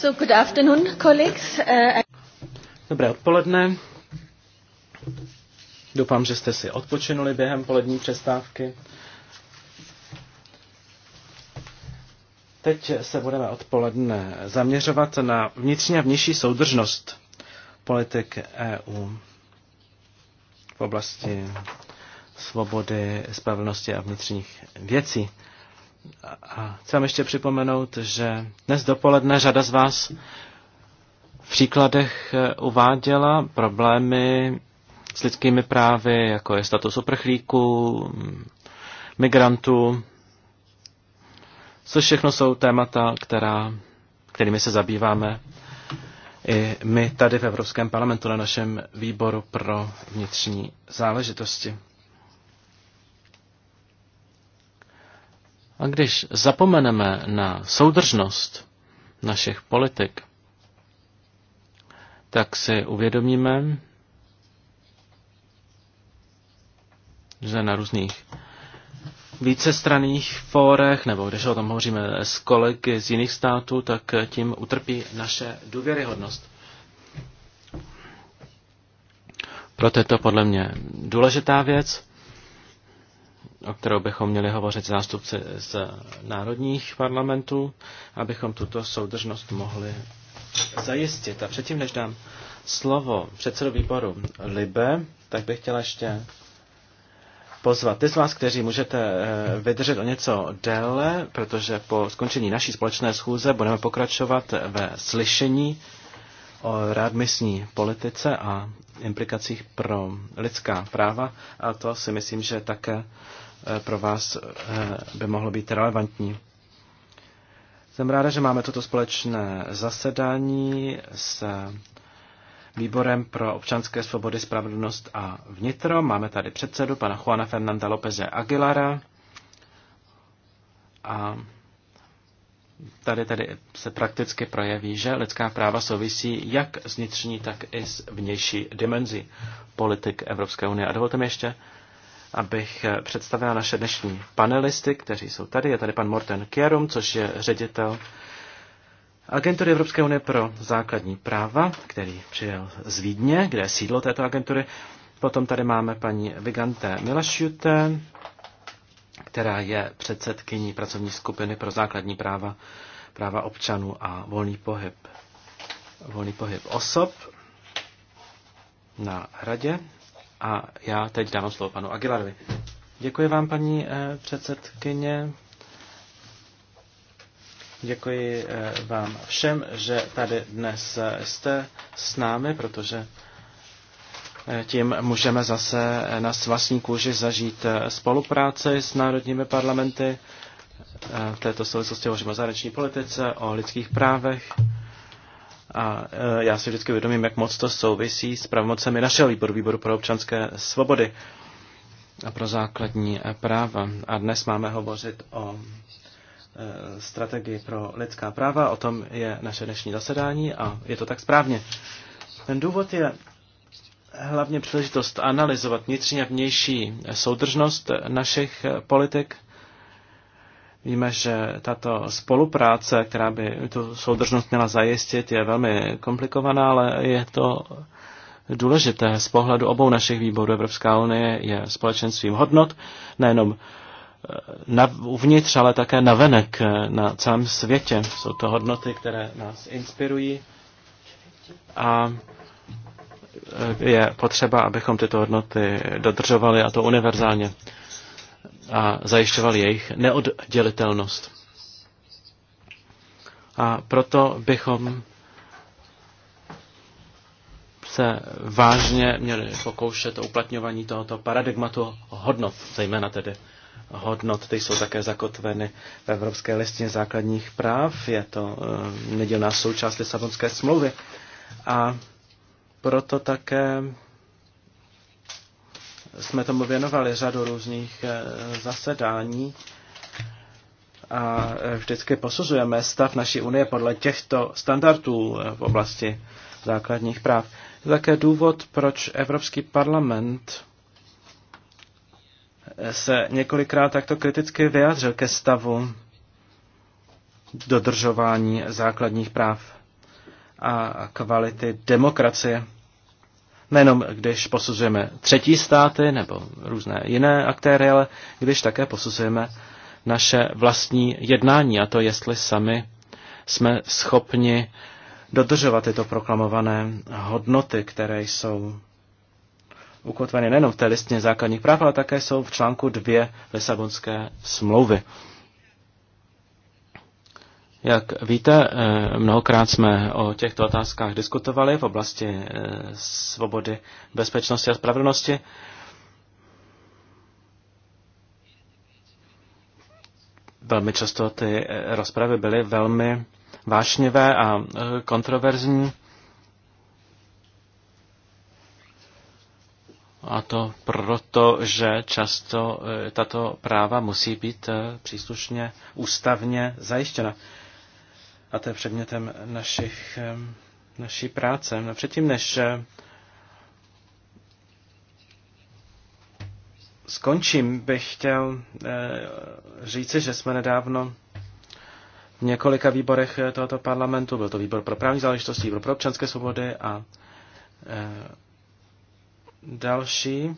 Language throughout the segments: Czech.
So good afternoon, colleagues. Uh, Dobré odpoledne. Doufám, že jste si odpočinuli během polední přestávky. Teď se budeme odpoledne zaměřovat na vnitřní a vnější soudržnost politik EU v oblasti svobody, spravedlnosti a vnitřních věcí. A chci vám ještě připomenout, že dnes dopoledne řada z vás v příkladech eh, uváděla problémy s lidskými právy, jako je status uprchlíků, migrantů, což všechno jsou témata, která, kterými se zabýváme i my tady v Evropském parlamentu na našem výboru pro vnitřní záležitosti. A když zapomeneme na soudržnost našich politik, tak si uvědomíme, že na různých vícestraných fórech, nebo když o tom hovoříme s kolegy z jiných států, tak tím utrpí naše důvěryhodnost. Proto je to podle mě důležitá věc o kterou bychom měli hovořit zástupci z národních parlamentů, abychom tuto soudržnost mohli zajistit. A předtím, než dám slovo předsedu výboru Libe, tak bych chtěla ještě pozvat ty z vás, kteří můžete eh, vydržet o něco déle, protože po skončení naší společné schůze budeme pokračovat ve slyšení o rádmisní politice a implikacích pro lidská práva a to si myslím, že také Eh, pro vás eh, by mohlo být relevantní. Jsem ráda, že máme toto společné zasedání s Výborem pro občanské svobody, spravedlnost a vnitro. Máme tady předsedu, pana Juana Fernanda López Aguilara. A tady, tady se prakticky projeví, že lidská práva souvisí jak s vnitřní, tak i s vnější dimenzí politik Evropské unie. A dovolte mi ještě abych eh, představila naše dnešní panelisty, kteří jsou tady. Je tady pan Morten Kierum, což je ředitel Agentury Evropské unie pro základní práva, který přijel z Vídně, kde je sídlo této agentury. Potom tady máme paní Vigante Milašiute, která je předsedkyní pracovní skupiny pro základní práva, práva občanů a volný pohyb, volný pohyb osob na radě a já teď dám slovo panu Aguilarovi. Děkuji vám, paní eh, předsedkyně. Děkuji eh, vám všem, že tady dnes eh, jste s námi, protože tím můžeme zase na vlastní kůži zažít spolupráci s národními parlamenty. V této souvislosti hovoříme o zahraniční politice, o lidských právech a e, já si vždycky vědomím, jak moc to souvisí s pravomocemi našeho výboru, výboru pro občanské svobody a pro základní e, práva. A dnes máme hovořit o e, strategii pro lidská práva, o tom je naše dnešní zasedání a je to tak správně. Ten důvod je hlavně příležitost analyzovat vnitřní a vnější soudržnost našich politik Víme, že tato spolupráce, která by tu soudržnost měla zajistit, je velmi komplikovaná, ale je to důležité z pohledu obou našich výborů. Evropská unie je společenstvím hodnot, nejenom eh, na, uvnitř, ale také na venek eh, na celém světě. Jsou to hodnoty, které nás inspirují a eh, je potřeba, abychom tyto hodnoty dodržovali a to univerzálně a zajišťoval jejich neoddělitelnost. A proto bychom se vážně měli pokoušet o uplatňování tohoto paradigmatu hodnot, zejména tedy hodnot, ty jsou také zakotveny v Evropské listině základních práv, je to eh, nedílná součást Lisabonské smlouvy. A proto také jsme tomu věnovali řadu různých eh, zasedání a eh, vždycky posuzujeme stav naší unie podle těchto standardů eh, v oblasti základních práv. Také důvod, proč Evropský parlament se několikrát takto kriticky vyjádřil ke stavu dodržování základních práv a kvality demokracie nejenom když posuzujeme třetí státy nebo různé jiné aktéry, ale když také posuzujeme naše vlastní jednání a to, jestli sami jsme schopni dodržovat tyto proklamované hodnoty, které jsou ukotveny nejenom v té listině základních práv, ale také jsou v článku 2 Lisabonské smlouvy. Jak víte, eh, mnohokrát jsme o těchto otázkách diskutovali v oblasti eh, svobody, bezpečnosti a spravedlnosti. Velmi často ty eh, rozpravy byly velmi vášnivé a kontroverzní. A to proto, že často tato práva musí být příslušně ústavně zajištěna. A to je předmětem našich, naší práce. No předtím, než eh, skončím, bych chtěl eh, říci, že jsme nedávno v několika výborech eh, tohoto parlamentu, byl to výbor pro právní záležitosti, výbor pro občanské svobody a další,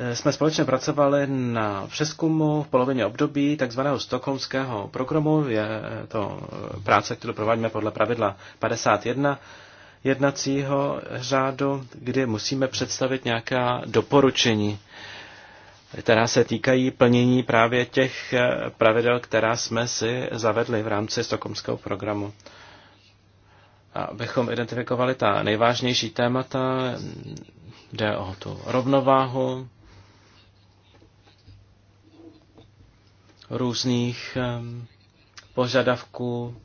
Eh, jsme společně pracovali na přeskumu v polovině období tzv. stokholmského programu. Je eh, to eh, práce, kterou provádíme podle pravidla 51 jednacího řádu, kdy musíme představit nějaká doporučení, která se týkají plnění právě těch pravidel, která jsme si zavedli v rámci stokholmského programu abychom identifikovali ta nejvážnější témata, jde o tu rovnováhu různých požadavků,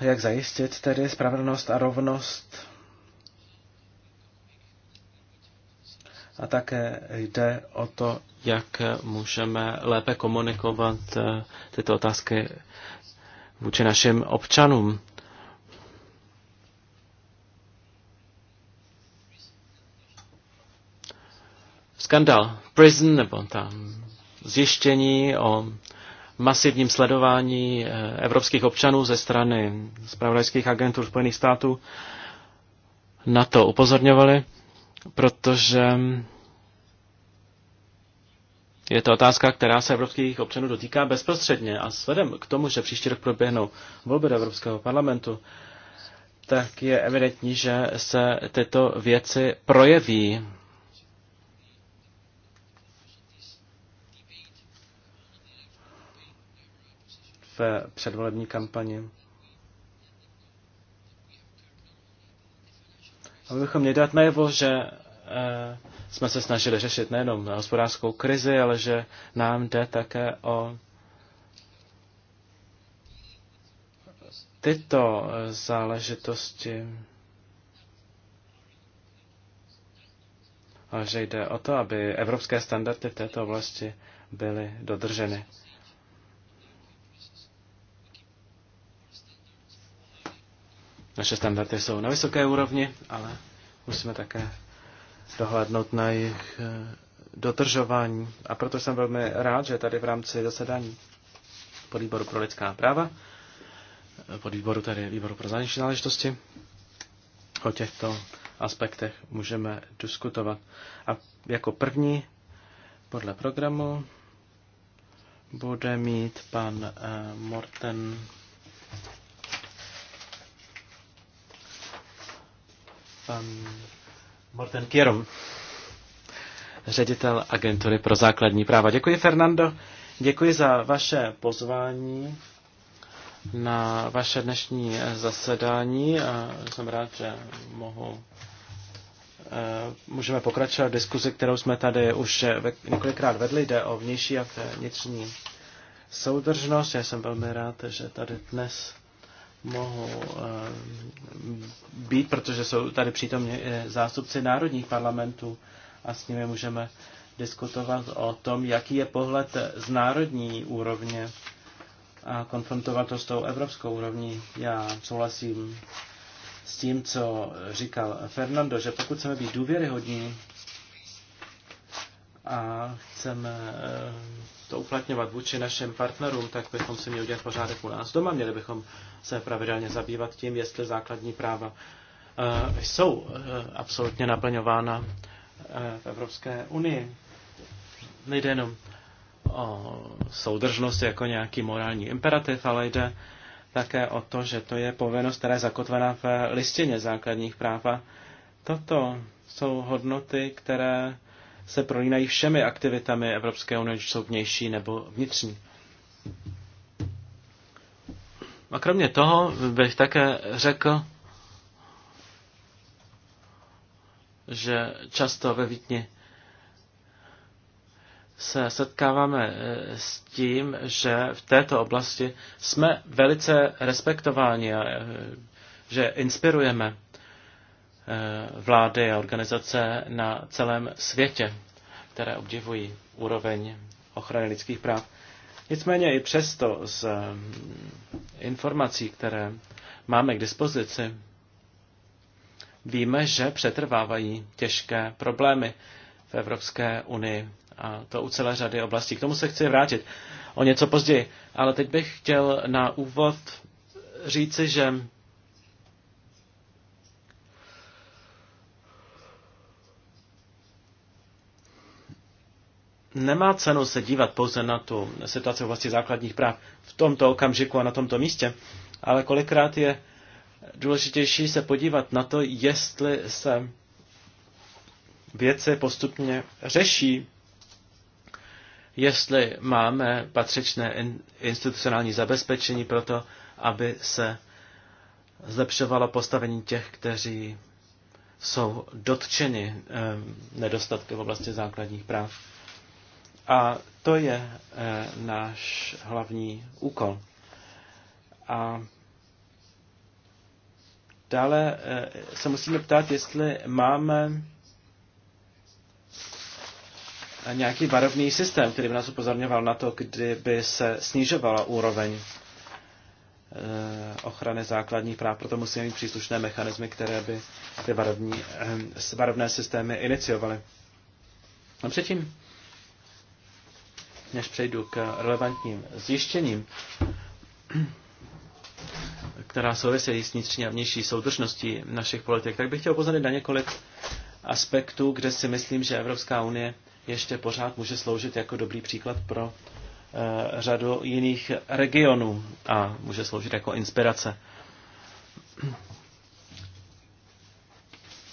jak zajistit tedy spravedlnost a rovnost. A také jde o to, jak můžeme lépe komunikovat eh, tyto otázky vůči našim občanům. Skandal Prison nebo tam zjištění o masivním sledování eh, evropských občanů ze strany zpravodajských agentů Spojených států na to upozorňovali, protože je to otázka, která se evropských občanů dotýká bezprostředně. A vzhledem k tomu, že příští rok proběhnou volby do Evropského parlamentu, tak je evidentní, že se tyto věci projeví v předvolební kampani. Abychom měli dát najevo, že eh, jsme se snažili řešit nejenom hospodářskou krizi, ale že nám jde také o tyto eh, záležitosti. A že jde o to, aby evropské standardy v této oblasti byly dodrženy. Naše standardy jsou na vysoké úrovni, ale musíme také dohlednout na jejich eh, dotržování. A proto jsem velmi rád, že tady v rámci zasedání podvýboru pro lidská práva, eh, podvýboru tady výboru pro zahraniční záležitosti, o těchto aspektech můžeme diskutovat. A jako první podle programu bude mít pan eh, Morten pan Morten Kierom, ředitel agentury pro základní práva. Děkuji, Fernando. Děkuji za vaše pozvání na vaše dnešní zasedání. A jsem rád, že mohu, eh, můžeme pokračovat v diskuzi, kterou jsme tady už několikrát vedli. Jde o vnější a vnitřní soudržnost. Já jsem velmi rád, že tady dnes mohou eh, být, protože jsou tady přítomně eh, zástupci národních parlamentů a s nimi můžeme diskutovat o tom, jaký je pohled z národní úrovně a konfrontovat to s tou evropskou úrovní. Já souhlasím s tím, co říkal Fernando, že pokud chceme být důvěryhodní, a chceme eh, to uplatňovat vůči našim partnerům, tak bychom si měli udělat pořádek u nás doma. Měli bychom se pravidelně zabývat tím, jestli základní práva eh, jsou eh, absolutně naplňována v Evropské unii. Nejde jenom o soudržnost jako nějaký morální imperativ, ale jde také o to, že to je povinnost, která je zakotvená v listině základních práv. A toto jsou hodnoty, které se prolínají všemi aktivitami Evropské unie, jsou vnější nebo vnitřní. A kromě toho bych také řekl, že často ve Vítni se setkáváme eh, s tím, že v této oblasti jsme velice respektováni a eh, že inspirujeme. Eh, vlády a organizace na celém světě, které obdivují úroveň ochrany lidských práv. Nicméně i přesto z eh, informací, které máme k dispozici, víme, že přetrvávají těžké problémy v Evropské unii a to u celé řady oblastí. K tomu se chci vrátit o něco později, ale teď bych chtěl na úvod říci, že nemá cenu se dívat pouze na tu situaci v oblasti základních práv v tomto okamžiku a na tomto místě, ale kolikrát je důležitější se podívat na to, jestli se věci postupně řeší, jestli máme patřičné institucionální zabezpečení pro to, aby se zlepšovalo postavení těch, kteří jsou dotčeni eh, nedostatky v oblasti základních práv. A to je e, náš hlavní úkol. A dále e, se musíme ptát, jestli máme nějaký varovný systém, který by nás upozorňoval na to, kdyby se snižovala úroveň eh, ochrany základních práv, proto musíme mít příslušné mechanismy, které by ty varovní, varovné systémy iniciovaly. A předtím než přejdu k relevantním zjištěním, která souvisejí s vnitřní a vnější soudržností našich politik, tak bych chtěl upozornit na několik aspektů, kde si myslím, že Evropská unie ještě pořád může sloužit jako dobrý příklad pro e, řadu jiných regionů a může sloužit jako inspirace.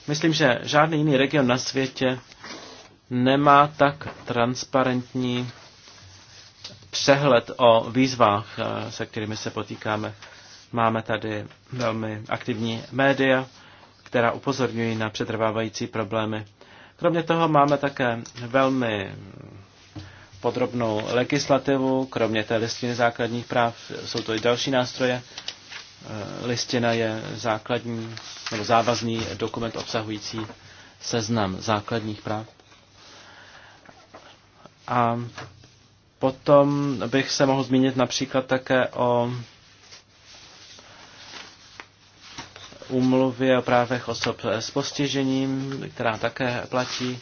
Myslím, že žádný jiný region na světě nemá tak transparentní přehled o výzvách, eh, se kterými se potýkáme. Máme tady velmi aktivní média, která upozorňují na přetrvávající problémy. Kromě toho máme také velmi podrobnou legislativu, kromě té listiny základních práv jsou to i další nástroje. Eh, listina je základní nebo závazný dokument obsahující seznam základních práv. A Potom bych se mohl zmínit například také o úmluvě o právech osob s postižením, která také platí,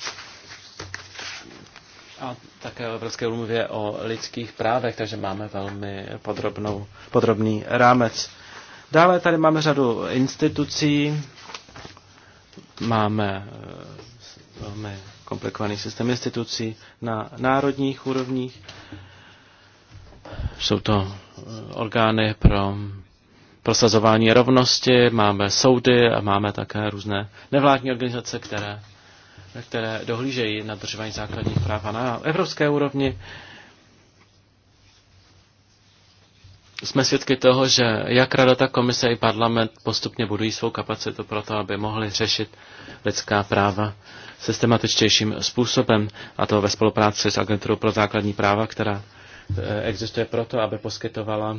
a také o Evropské úmluvě o lidských právech, takže máme velmi podrobnou, podrobný rámec. Dále tady máme řadu institucí, máme eh, velmi komplikovaný systém institucí na národních úrovních. Jsou to eh, orgány pro prosazování rovnosti, máme soudy a máme také různé nevládní organizace, které, které dohlížejí na držování základních práv. A na evropské úrovni jsme svědky toho, že jak Rada, tak Komise i parlament postupně budují svou kapacitu pro to, aby mohli řešit lidská práva systematičtějším způsobem, a to ve spolupráci s Agenturou pro základní práva, která eh, existuje proto, aby poskytovala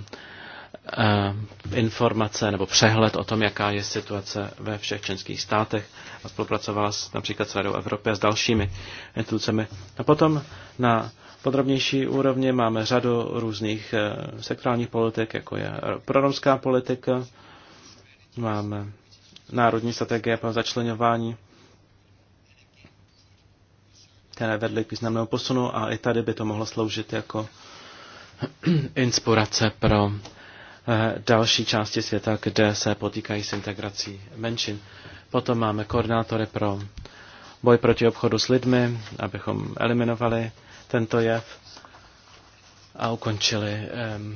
eh, informace nebo přehled o tom, jaká je situace ve všech členských státech a spolupracovala s, například s Radou Evropy a s dalšími institucemi. A potom na podrobnější úrovni. Máme řadu různých eh, sektorálních politik, jako je proromská politika, máme národní strategie pro začlenování, které vedly k významnému posunu a i tady by to mohlo sloužit jako inspirace pro eh, další části světa, kde se potýkají s integrací menšin. Potom máme koordinátory pro boj proti obchodu s lidmi, abychom eliminovali tento jev a ukončili um,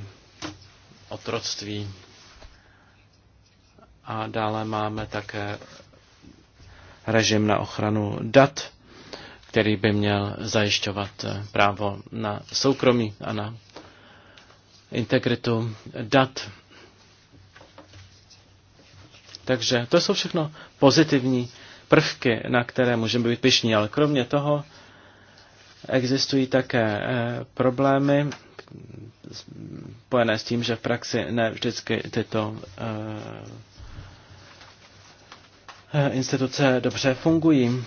otroctví. A dále máme také režim na ochranu dat, který by měl zajišťovat eh, právo na soukromí a na integritu dat. Takže to jsou všechno pozitivní prvky, na které můžeme být pišní, ale kromě toho Existují také eh, problémy spojené s tím, že v praxi ne vždycky tyto eh, eh, instituce dobře fungují.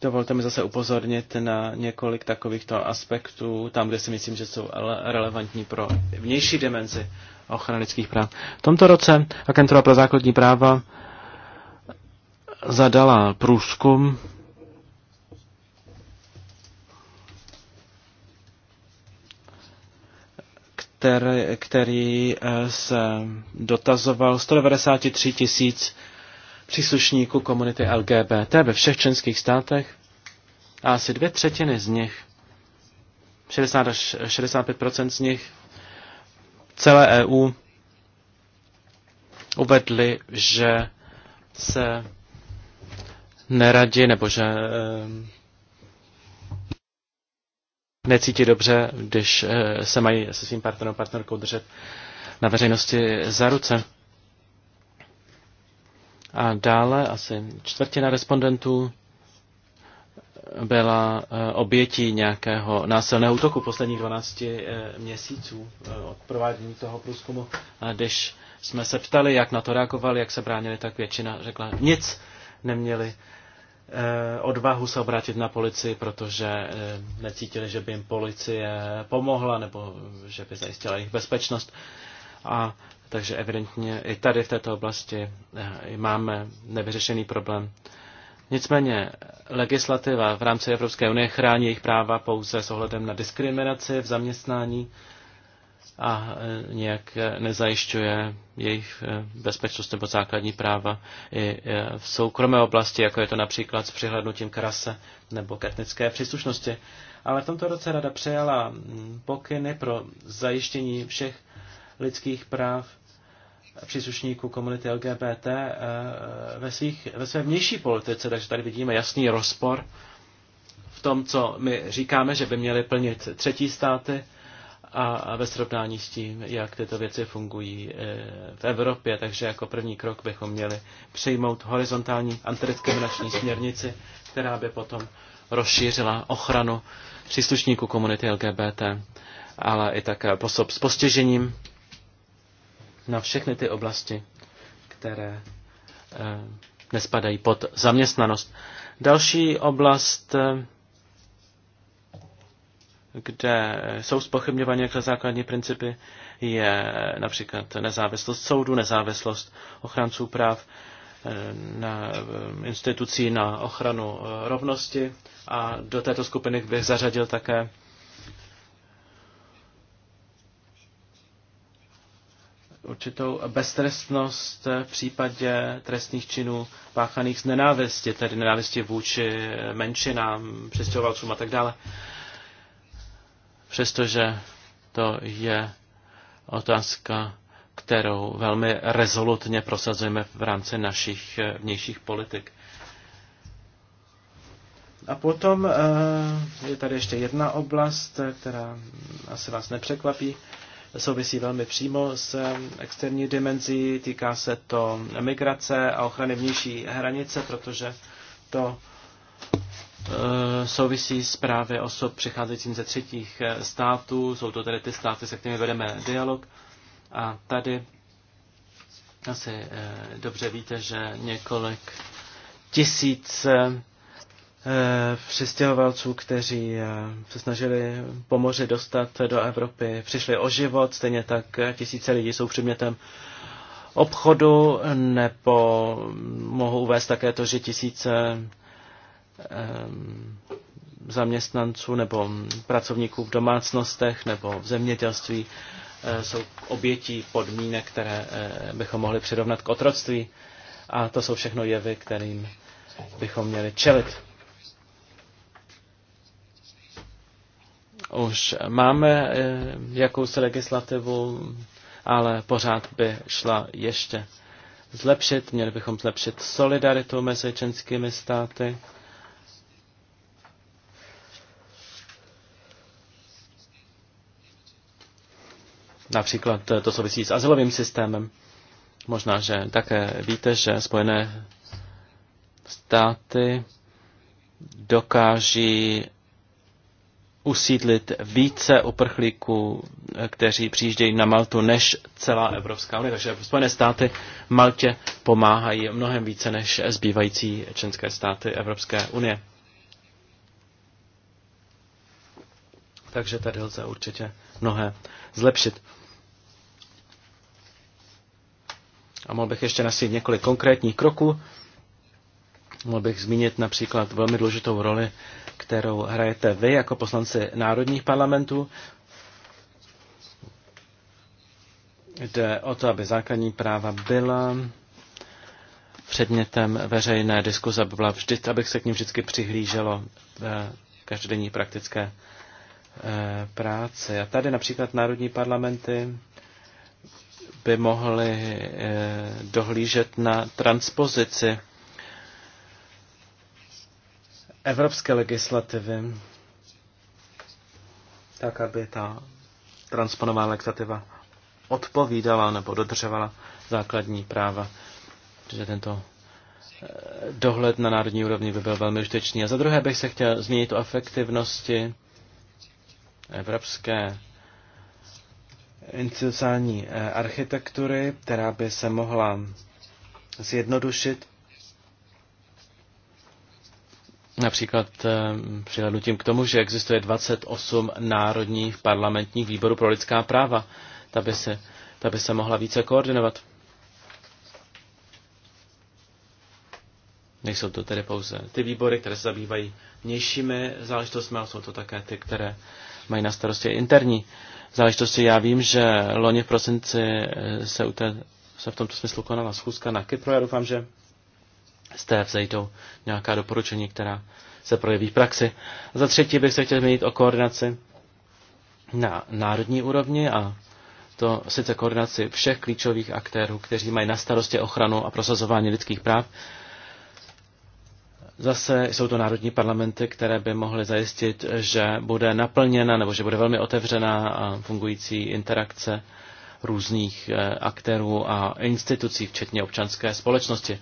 Dovolte mi zase upozornit na několik takovýchto aspektů, tam, kde si myslím, že jsou relevantní pro vnější dimenzi ochrany lidských práv. V tomto roce Agentura pro základní práva zadala průzkum který, který eh, se dotazoval 193 tisíc příslušníků komunity LGBT ve všech členských státech a asi dvě třetiny z nich, 60 až 65 z nich, celé EU uvedli, že se neradi nebo že eh, necítí dobře, když eh, se mají se svým partnerem partnerkou držet na veřejnosti za ruce. A dále asi čtvrtina respondentů byla eh, obětí nějakého násilného útoku posledních 12 eh, měsíců od provádění toho průzkumu. A když jsme se ptali, jak na to reagovali, jak se bránili, tak většina řekla nic, neměli Eh, odvahu se obrátit na policii, protože eh, necítili, že by jim policie pomohla nebo že by zajistila jejich bezpečnost. A takže evidentně i tady v této oblasti eh, máme nevyřešený problém. Nicméně legislativa v rámci Evropské unie chrání jejich práva pouze s ohledem na diskriminaci v zaměstnání a e, nějak e, nezajišťuje jejich e, bezpečnost nebo základní práva i v soukromé oblasti, jako je to například s přihlednutím k rase nebo k etnické příslušnosti. Ale v tomto roce rada přijala pokyny pro zajištění všech lidských práv příslušníků komunity LGBT ve, svých, ve své vnější politice, takže tady vidíme jasný rozpor v tom, co my říkáme, že by měly plnit třetí státy, a ve srovnání s tím, jak tyto věci fungují eh, v Evropě. Takže jako první krok bychom měli přijmout horizontální antidiskriminační směrnici, která by potom rozšířila ochranu příslušníků komunity LGBT, ale i také eh, posob s postižením na všechny ty oblasti, které eh, nespadají pod zaměstnanost. Další oblast kde eh, jsou spochybňovány nějaké základní principy, je eh, například nezávislost soudu, nezávislost ochranců práv, eh, na institucí na ochranu rovnosti a do této skupiny bych zařadil také určitou beztrestnost v případě trestných činů páchaných z nenávisti, tedy nenávisti vůči menšinám, přestěhovalcům a tak dále přestože to je otázka, kterou velmi rezolutně prosazujeme v rámci našich eh, vnějších politik. A potom eh, je tady ještě jedna oblast, eh, která asi vás nepřekvapí, souvisí velmi přímo s externí dimenzí, týká se to migrace a ochrany vnější hranice, protože to Eh, souvisí s právě osob přicházejícím ze třetích eh, států. Jsou to tedy ty státy, se kterými vedeme dialog. A tady asi eh, dobře víte, že několik tisíc přistěhovalců, kteří se snažili po moři dostat do Evropy, přišli o život, stejně tak tisíce lidí jsou předmětem obchodu, nebo mohu uvést také to, že tisíce Ehm, zaměstnanců nebo pracovníků v domácnostech nebo v zemědělství eh, jsou obětí podmínek, které eh, bychom mohli přirovnat k otroctví. A to jsou všechno jevy, kterým bychom měli čelit. Už máme eh, jakousi legislativu, ale pořád by šla ještě zlepšit. Měli bychom zlepšit solidaritu mezi členskými státy. Například eh, to souvisí s azylovým systémem. Možná, že také víte, že Spojené státy dokáží usídlit více uprchlíků, eh, kteří přijíždějí na Maltu, než celá Evropská unie. Takže Spojené státy Maltě pomáhají mnohem více než zbývající členské státy Evropské unie. Takže tady lze určitě mnohé zlepšit. A mohl bych ještě nasít několik konkrétních kroků. Mohl bych zmínit například velmi důležitou roli, kterou hrajete vy jako poslanci národních parlamentů. Jde o to, aby základní práva byla předmětem veřejné diskuze, aby, byla vždy, abych se k ním vždycky přihlíželo v každodenní praktické eh, práce. A tady například národní parlamenty by mohli eh, dohlížet na transpozici evropské legislativy, tak aby ta transponovaná legislativa odpovídala nebo dodržovala základní práva. Že tento eh, dohled na národní úrovni by byl velmi užitečný. A za druhé bych se chtěl změnit o efektivnosti evropské institucionální eh, architektury, která by se mohla zjednodušit. Například eh, přihlednutím k tomu, že existuje 28 národních parlamentních výborů pro lidská práva. Ta by se, ta by se mohla více koordinovat. Nejsou to tedy pouze ty výbory, které se zabývají vnějšími záležitostmi, ale jsou to také ty, které mají na starosti interní záležitosti. Já vím, že loni v prosinci eh, se, u té, se v tomto smyslu konala schůzka na Kypru. Já doufám, že z té vzejdou nějaká doporučení, která se projeví v praxi. A za třetí bych se chtěl zmínit o koordinaci na národní úrovni a to sice koordinaci všech klíčových aktérů, kteří mají na starosti ochranu a prosazování lidských práv, Zase jsou to národní parlamenty, které by mohly zajistit, že bude naplněna nebo že bude velmi otevřená a fungující interakce různých eh, aktérů a institucí, včetně občanské společnosti.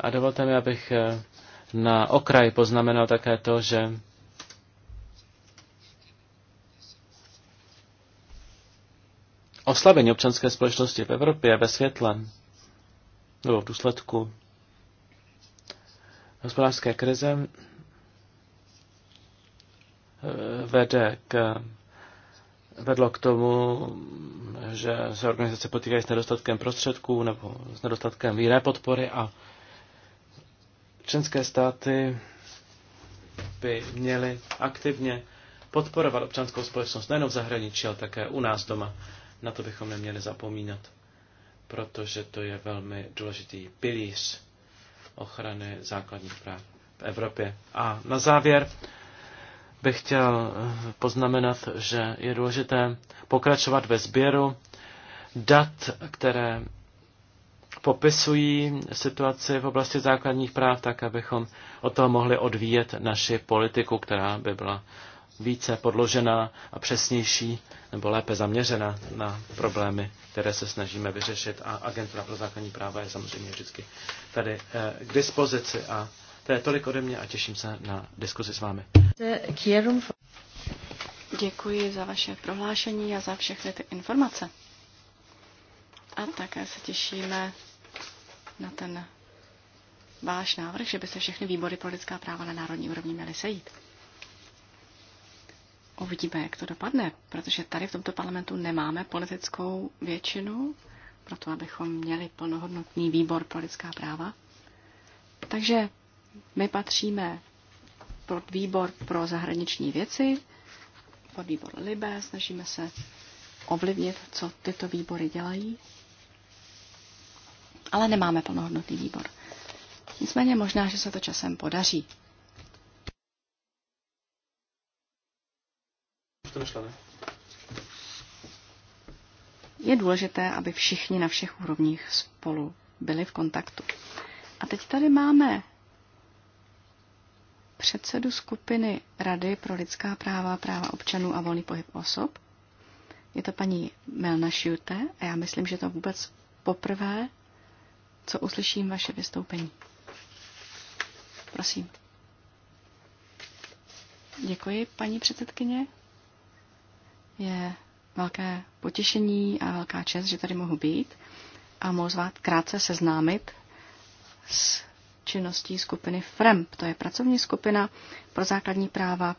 A dovolte mi, abych eh, na okraj poznamenal také to, že oslabení občanské společnosti v Evropě ve světle nebo v důsledku hospodářské krize eh, vede k, vedlo k tomu, že se organizace potýkají s nedostatkem prostředků nebo s nedostatkem jiné podpory a členské státy by měly aktivně podporovat občanskou společnost nejen v zahraničí, ale také u nás doma. Na to bychom neměli zapomínat, protože to je velmi důležitý pilíř ochrany základních práv v Evropě. A na závěr bych chtěl eh, poznamenat, že je důležité pokračovat ve sběru dat, které popisují situaci v oblasti základních práv, tak abychom o toho mohli odvíjet naši politiku, která by byla více podložená a přesnější nebo lépe zaměřena na problémy, které se snažíme vyřešit. A Agentura pro základní práva je samozřejmě vždycky tady eh, k dispozici. A to je tolik ode mě a těším se na diskuzi s vámi. Děkuji za vaše prohlášení a za všechny ty informace. A také se těšíme na ten váš návrh, že by se všechny výbory pro lidská práva na národní úrovni měly sejít. Uvidíme, jak to dopadne, protože tady v tomto parlamentu nemáme politickou většinu, proto abychom měli plnohodnotný výbor pro lidská práva. Takže my patříme pod výbor pro zahraniční věci, pod výbor Libé, snažíme se ovlivnit, co tyto výbory dělají, ale nemáme plnohodnotný výbor. Nicméně možná, že se to časem podaří. to nešlo, ne? Je důležité, aby všichni na všech úrovních spolu byli v kontaktu. A teď tady máme předsedu skupiny Rady pro lidská práva, práva občanů a volný pohyb osob. Je to paní Melna Šiute a já myslím, že to vůbec poprvé, co uslyším vaše vystoupení. Prosím. Děkuji, paní předsedkyně. Je velké potěšení a velká čest, že tady mohu být a mohu zvát krátce seznámit s činností skupiny FREMP. To je pracovní skupina pro základní práva,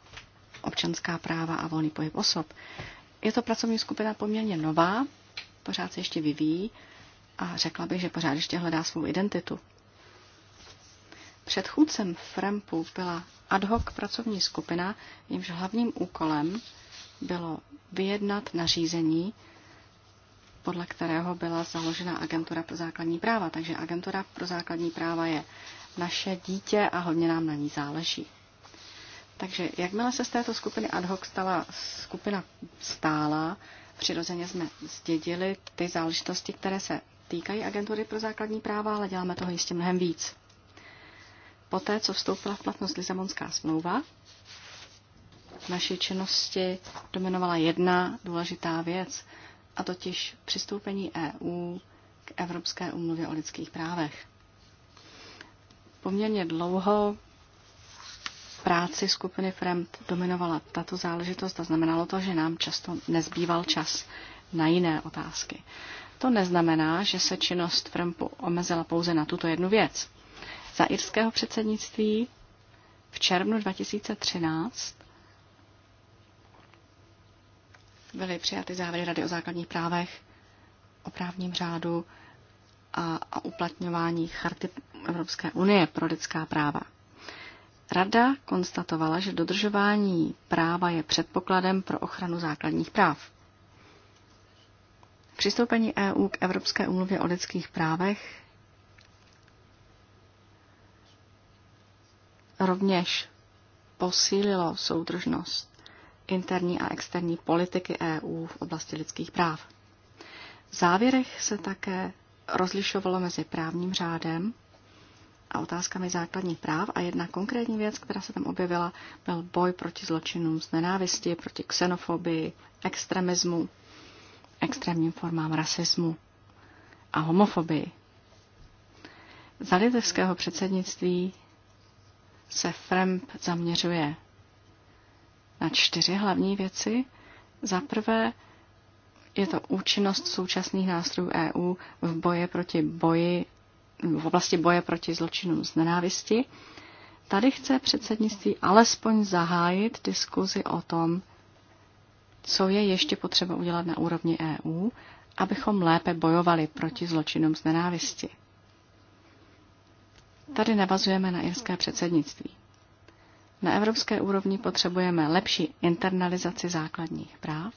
občanská práva a volný pohyb osob. Je to pracovní skupina poměrně nová, pořád se ještě vyvíjí a řekla bych, že pořád ještě hledá svou identitu. Předchůdcem FREMPu byla ad hoc pracovní skupina, jimž hlavním úkolem bylo vyjednat nařízení, podle kterého byla založena Agentura pro základní práva. Takže Agentura pro základní práva je naše dítě a hodně nám na ní záleží. Takže jakmile se z této skupiny ad hoc stala skupina stála, přirozeně jsme zdědili ty záležitosti, které se týkají Agentury pro základní práva, ale děláme toho jistě mnohem víc. Poté, co vstoupila v platnost Lisabonská smlouva, naší činnosti dominovala jedna důležitá věc, a totiž přistoupení EU k Evropské umluvě o lidských právech. Poměrně dlouho práci skupiny FREMP dominovala tato záležitost a znamenalo to, že nám často nezbýval čas na jiné otázky. To neznamená, že se činnost FREMPu omezila pouze na tuto jednu věc. Za irského předsednictví v červnu 2013 byly přijaty závěry Rady o základních právech, o právním řádu a, a uplatňování Charty Evropské unie pro lidská práva. Rada konstatovala, že dodržování práva je předpokladem pro ochranu základních práv. Přistoupení EU k Evropské úmluvě o lidských právech rovněž posílilo soudržnost interní a externí politiky EU v oblasti lidských práv. V závěrech se také rozlišovalo mezi právním řádem a otázkami základních práv a jedna konkrétní věc, která se tam objevila, byl boj proti zločinům z nenávisti, proti xenofobii, extremismu, extrémním formám rasismu a homofobii. Za litevského předsednictví se FREMP zaměřuje na čtyři hlavní věci. Za prvé je to účinnost současných nástrojů EU v boje proti boji, v oblasti boje proti zločinům z nenávisti. Tady chce předsednictví alespoň zahájit diskuzi o tom, co je ještě potřeba udělat na úrovni EU, abychom lépe bojovali proti zločinům z nenávisti. Tady navazujeme na irské předsednictví. Na evropské úrovni potřebujeme lepší internalizaci základních práv.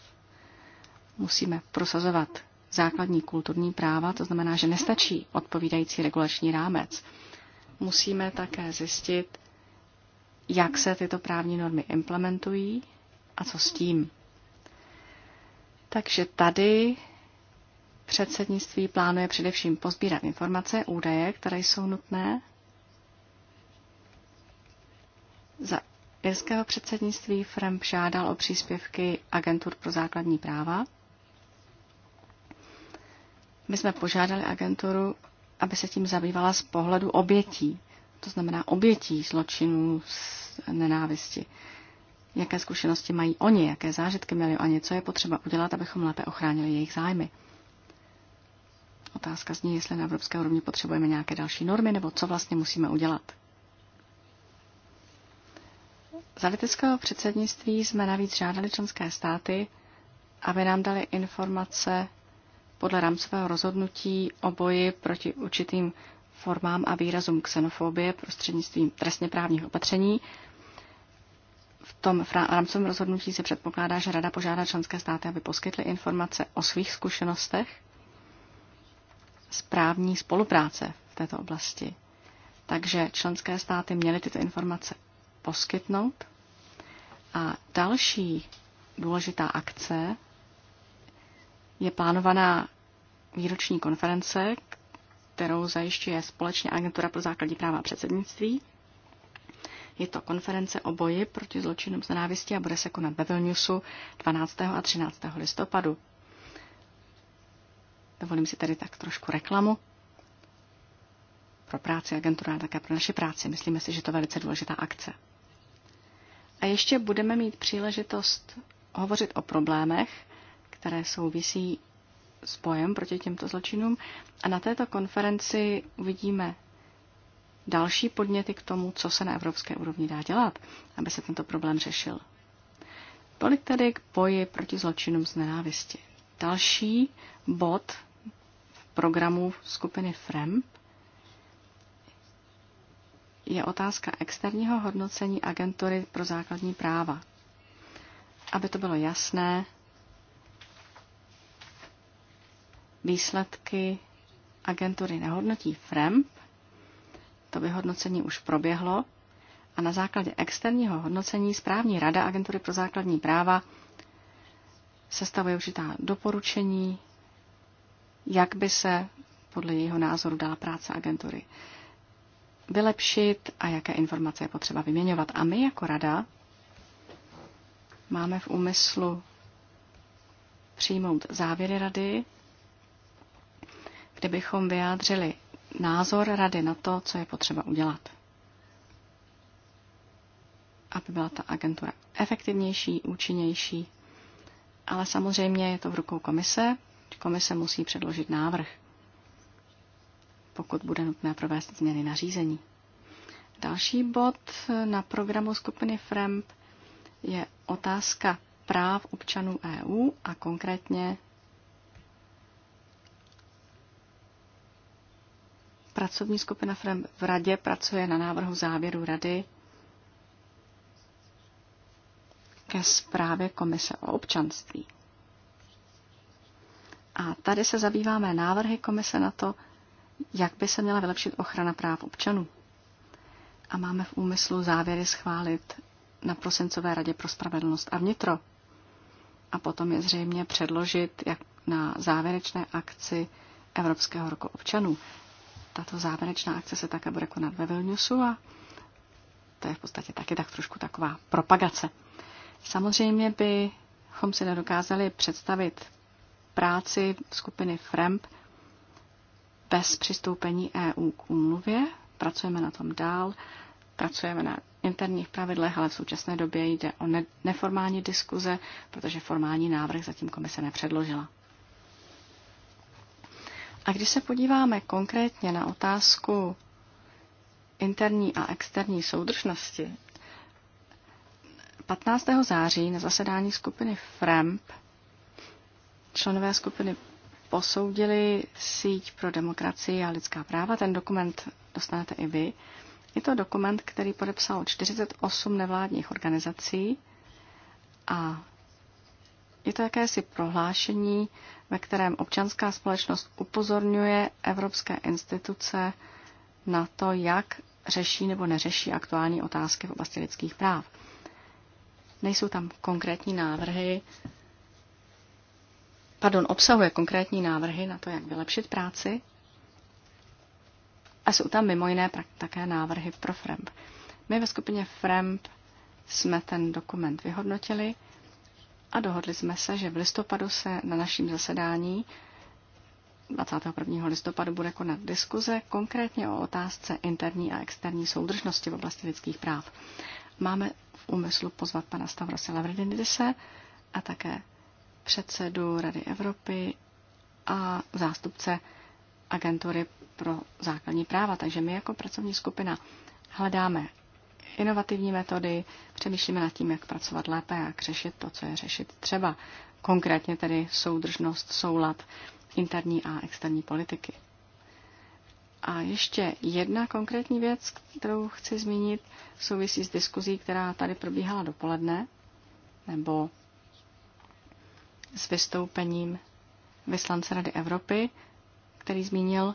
Musíme prosazovat základní kulturní práva, to znamená, že nestačí odpovídající regulační rámec. Musíme také zjistit, jak se tyto právní normy implementují a co s tím. Takže tady předsednictví plánuje především pozbírat informace, údaje, které jsou nutné za irského předsednictví Fremp žádal o příspěvky agentur pro základní práva. My jsme požádali agenturu, aby se tím zabývala z pohledu obětí, to znamená obětí zločinů z nenávisti. Jaké zkušenosti mají oni, jaké zážitky měli oni, co je potřeba udělat, abychom lépe ochránili jejich zájmy. Otázka zní, jestli na evropské úrovni potřebujeme nějaké další normy, nebo co vlastně musíme udělat. Za leteckého předsednictví jsme navíc žádali členské státy, aby nám dali informace podle rámcového rozhodnutí o boji proti určitým formám a výrazům xenofobie prostřednictvím trestně právních opatření. V tom rámcovém rozhodnutí se předpokládá, že Rada požádá členské státy, aby poskytly informace o svých zkušenostech právní spolupráce v této oblasti. Takže členské státy měly tyto informace poskytnout. A další důležitá akce je plánovaná výroční konference, kterou zajišťuje společně Agentura pro základní práva a předsednictví. Je to konference o boji proti zločinům z nenávisti a bude se konat ve Vilniusu 12. a 13. listopadu. Dovolím si tady tak trošku reklamu pro práci agentura a také pro naši práci. Myslíme si, že to je velice důležitá akce. A ještě budeme mít příležitost hovořit o problémech, které souvisí s bojem proti těmto zločinům. A na této konferenci uvidíme další podněty k tomu, co se na evropské úrovni dá dělat, aby se tento problém řešil. Tolik tedy k boji proti zločinům z nenávisti. Další bod v programu skupiny FREM je otázka externího hodnocení agentury pro základní práva. Aby to bylo jasné, výsledky agentury nehodnotí FREMP, to vyhodnocení už proběhlo, a na základě externího hodnocení správní rada agentury pro základní práva sestavuje určitá doporučení, jak by se podle jejího názoru dala práce agentury vylepšit a jaké informace je potřeba vyměňovat. A my jako rada máme v úmyslu přijmout závěry rady, kde bychom vyjádřili názor rady na to, co je potřeba udělat. Aby byla ta agentura efektivnější, účinnější, ale samozřejmě je to v rukou komise. Komise musí předložit návrh pokud bude nutné provést změny nařízení. Další bod na programu skupiny FREMP je otázka práv občanů EU a konkrétně pracovní skupina FREMP v Radě pracuje na návrhu závěru Rady ke zprávě Komise o občanství. A tady se zabýváme návrhy Komise na to, jak by se měla vylepšit ochrana práv občanů. A máme v úmyslu závěry schválit na prosincové radě pro spravedlnost a vnitro. A potom je zřejmě předložit jak na závěrečné akci Evropského roku občanů. Tato závěrečná akce se také bude konat ve Vilniusu a to je v podstatě taky tak trošku taková propagace. Samozřejmě bychom si nedokázali představit práci skupiny FREMP bez přistoupení EU k úmluvě. Pracujeme na tom dál, pracujeme na interních pravidlech, ale v současné době jde o ne- neformální diskuze, protože formální návrh zatím komise nepředložila. A když se podíváme konkrétně na otázku interní a externí soudržnosti, 15. září na zasedání skupiny FREMP členové skupiny posoudili síť pro demokracii a lidská práva. Ten dokument dostanete i vy. Je to dokument, který podepsalo 48 nevládních organizací a je to jakési prohlášení, ve kterém občanská společnost upozorňuje evropské instituce na to, jak řeší nebo neřeší aktuální otázky v oblasti lidských práv. Nejsou tam konkrétní návrhy pardon, obsahuje konkrétní návrhy na to, jak vylepšit práci. A jsou tam mimo jiné také návrhy pro FREMP. My ve skupině FREMP jsme ten dokument vyhodnotili a dohodli jsme se, že v listopadu se na našem zasedání 21. listopadu bude konat diskuze konkrétně o otázce interní a externí soudržnosti v oblasti lidských práv. Máme v úmyslu pozvat pana Stavrosa Lavridinidise a také předsedu Rady Evropy a zástupce agentury pro základní práva. Takže my jako pracovní skupina hledáme inovativní metody, přemýšlíme nad tím, jak pracovat lépe, jak řešit to, co je řešit třeba. Konkrétně tedy soudržnost, soulad interní a externí politiky. A ještě jedna konkrétní věc, kterou chci zmínit, souvisí s diskuzí, která tady probíhala dopoledne, nebo s vystoupením vyslance Rady Evropy, který zmínil,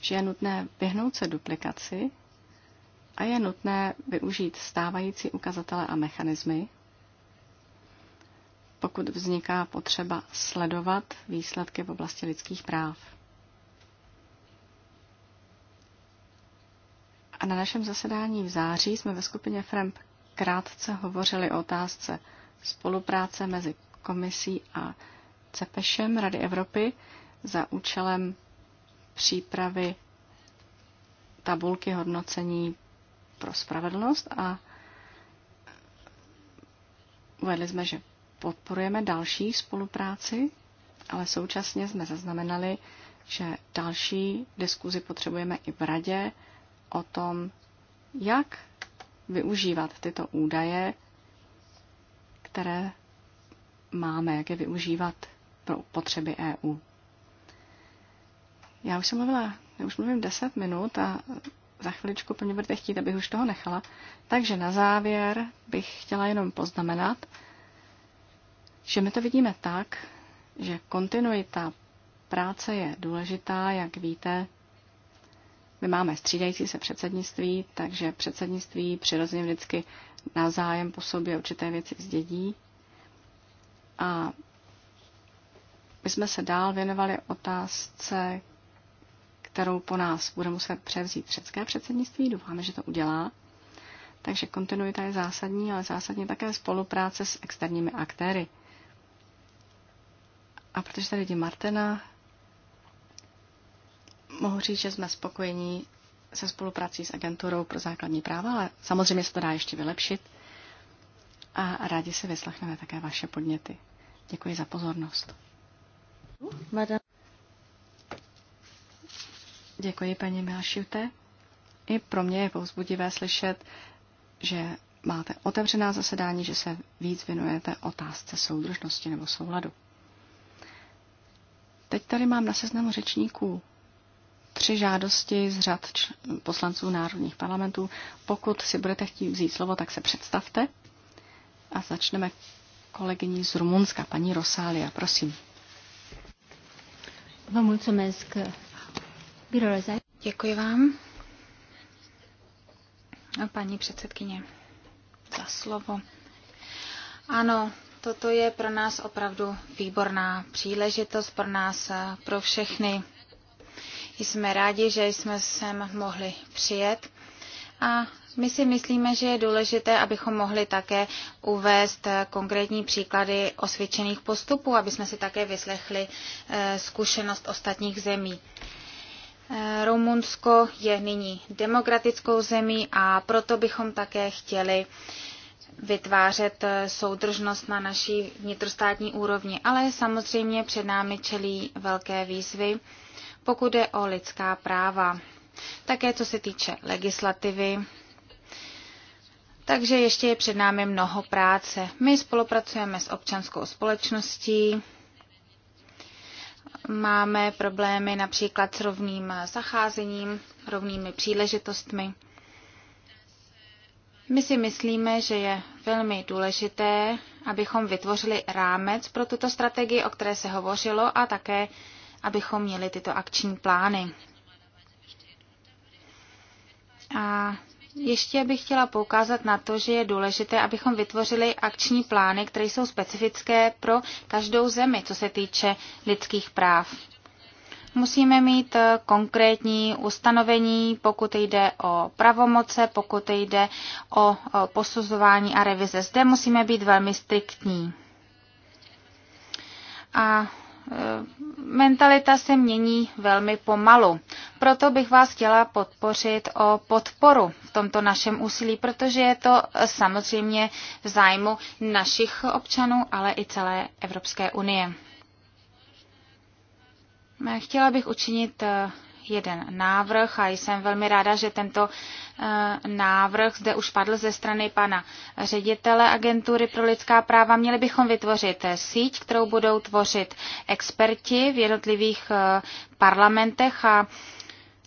že je nutné vyhnout se duplikaci a je nutné využít stávající ukazatele a mechanismy, pokud vzniká potřeba sledovat výsledky v oblasti lidských práv. A na našem zasedání v září jsme ve skupině FREMP krátce hovořili o otázce spolupráce mezi komisí a CEPEŠem Rady Evropy za účelem přípravy tabulky hodnocení pro spravedlnost a uvedli jsme, že podporujeme další spolupráci, ale současně jsme zaznamenali, že další diskuzi potřebujeme i v radě o tom, jak využívat tyto údaje které máme, jak je využívat pro potřeby EU. Já už jsem mluvila, já už mluvím 10 minut a za chviličku pro mě budete chtít, abych už toho nechala. Takže na závěr bych chtěla jenom poznamenat, že my to vidíme tak, že kontinuita práce je důležitá, jak víte. My máme střídající se předsednictví, takže předsednictví přirozeně vždycky na zájem po sobě určité věci zdědí. A my jsme se dál věnovali otázce, kterou po nás bude muset převzít řecké předsednictví. Doufáme, že to udělá. Takže kontinuita je zásadní, ale zásadně také spolupráce s externími aktéry. A protože tady vidím Martina, mohu říct, že jsme spokojení se spoluprací s agenturou pro základní práva, ale samozřejmě se to dá ještě vylepšit. A rádi si vyslechneme také vaše podněty. Děkuji za pozornost. Děkuji, paní Milšiute. I pro mě je povzbudivé slyšet, že máte otevřená zasedání, že se víc věnujete otázce soudržnosti nebo souladu. Teď tady mám na seznamu řečníků tři žádosti z řad poslanců národních parlamentů. Pokud si budete chtít vzít slovo, tak se představte. A začneme kolegyní z Rumunska, paní Rosália, prosím. Děkuji vám. A paní předsedkyně, za slovo. Ano, toto je pro nás opravdu výborná příležitost, pro nás, pro všechny jsme rádi, že jsme sem mohli přijet a my si myslíme, že je důležité, abychom mohli také uvést konkrétní příklady osvědčených postupů, aby jsme si také vyslechli eh, zkušenost ostatních zemí. Eh, Rumunsko je nyní demokratickou zemí a proto bychom také chtěli vytvářet eh, soudržnost na naší vnitrostátní úrovni. Ale samozřejmě před námi čelí velké výzvy pokud jde o lidská práva. Také co se týče legislativy. Takže ještě je před námi mnoho práce. My spolupracujeme s občanskou společností, máme problémy například s rovným zacházením, rovnými příležitostmi. My si myslíme, že je velmi důležité, abychom vytvořili rámec pro tuto strategii, o které se hovořilo, a také abychom měli tyto akční plány. A ještě bych chtěla poukázat na to, že je důležité, abychom vytvořili akční plány, které jsou specifické pro každou zemi, co se týče lidských práv. Musíme mít eh, konkrétní ustanovení, pokud jde o pravomoce, pokud jde o posuzování a revize. Zde musíme být velmi striktní. A Eh, mentalita se mění velmi pomalu. Proto bych vás chtěla podpořit o podporu v tomto našem úsilí, protože je to eh, samozřejmě v zájmu našich občanů, ale i celé Evropské unie. Eh, chtěla bych učinit jeden návrh a jsem velmi ráda, že tento eh, návrh zde už padl ze strany pana ředitele agentury pro lidská práva. Měli bychom vytvořit eh, síť, kterou budou tvořit experti v jednotlivých eh, parlamentech a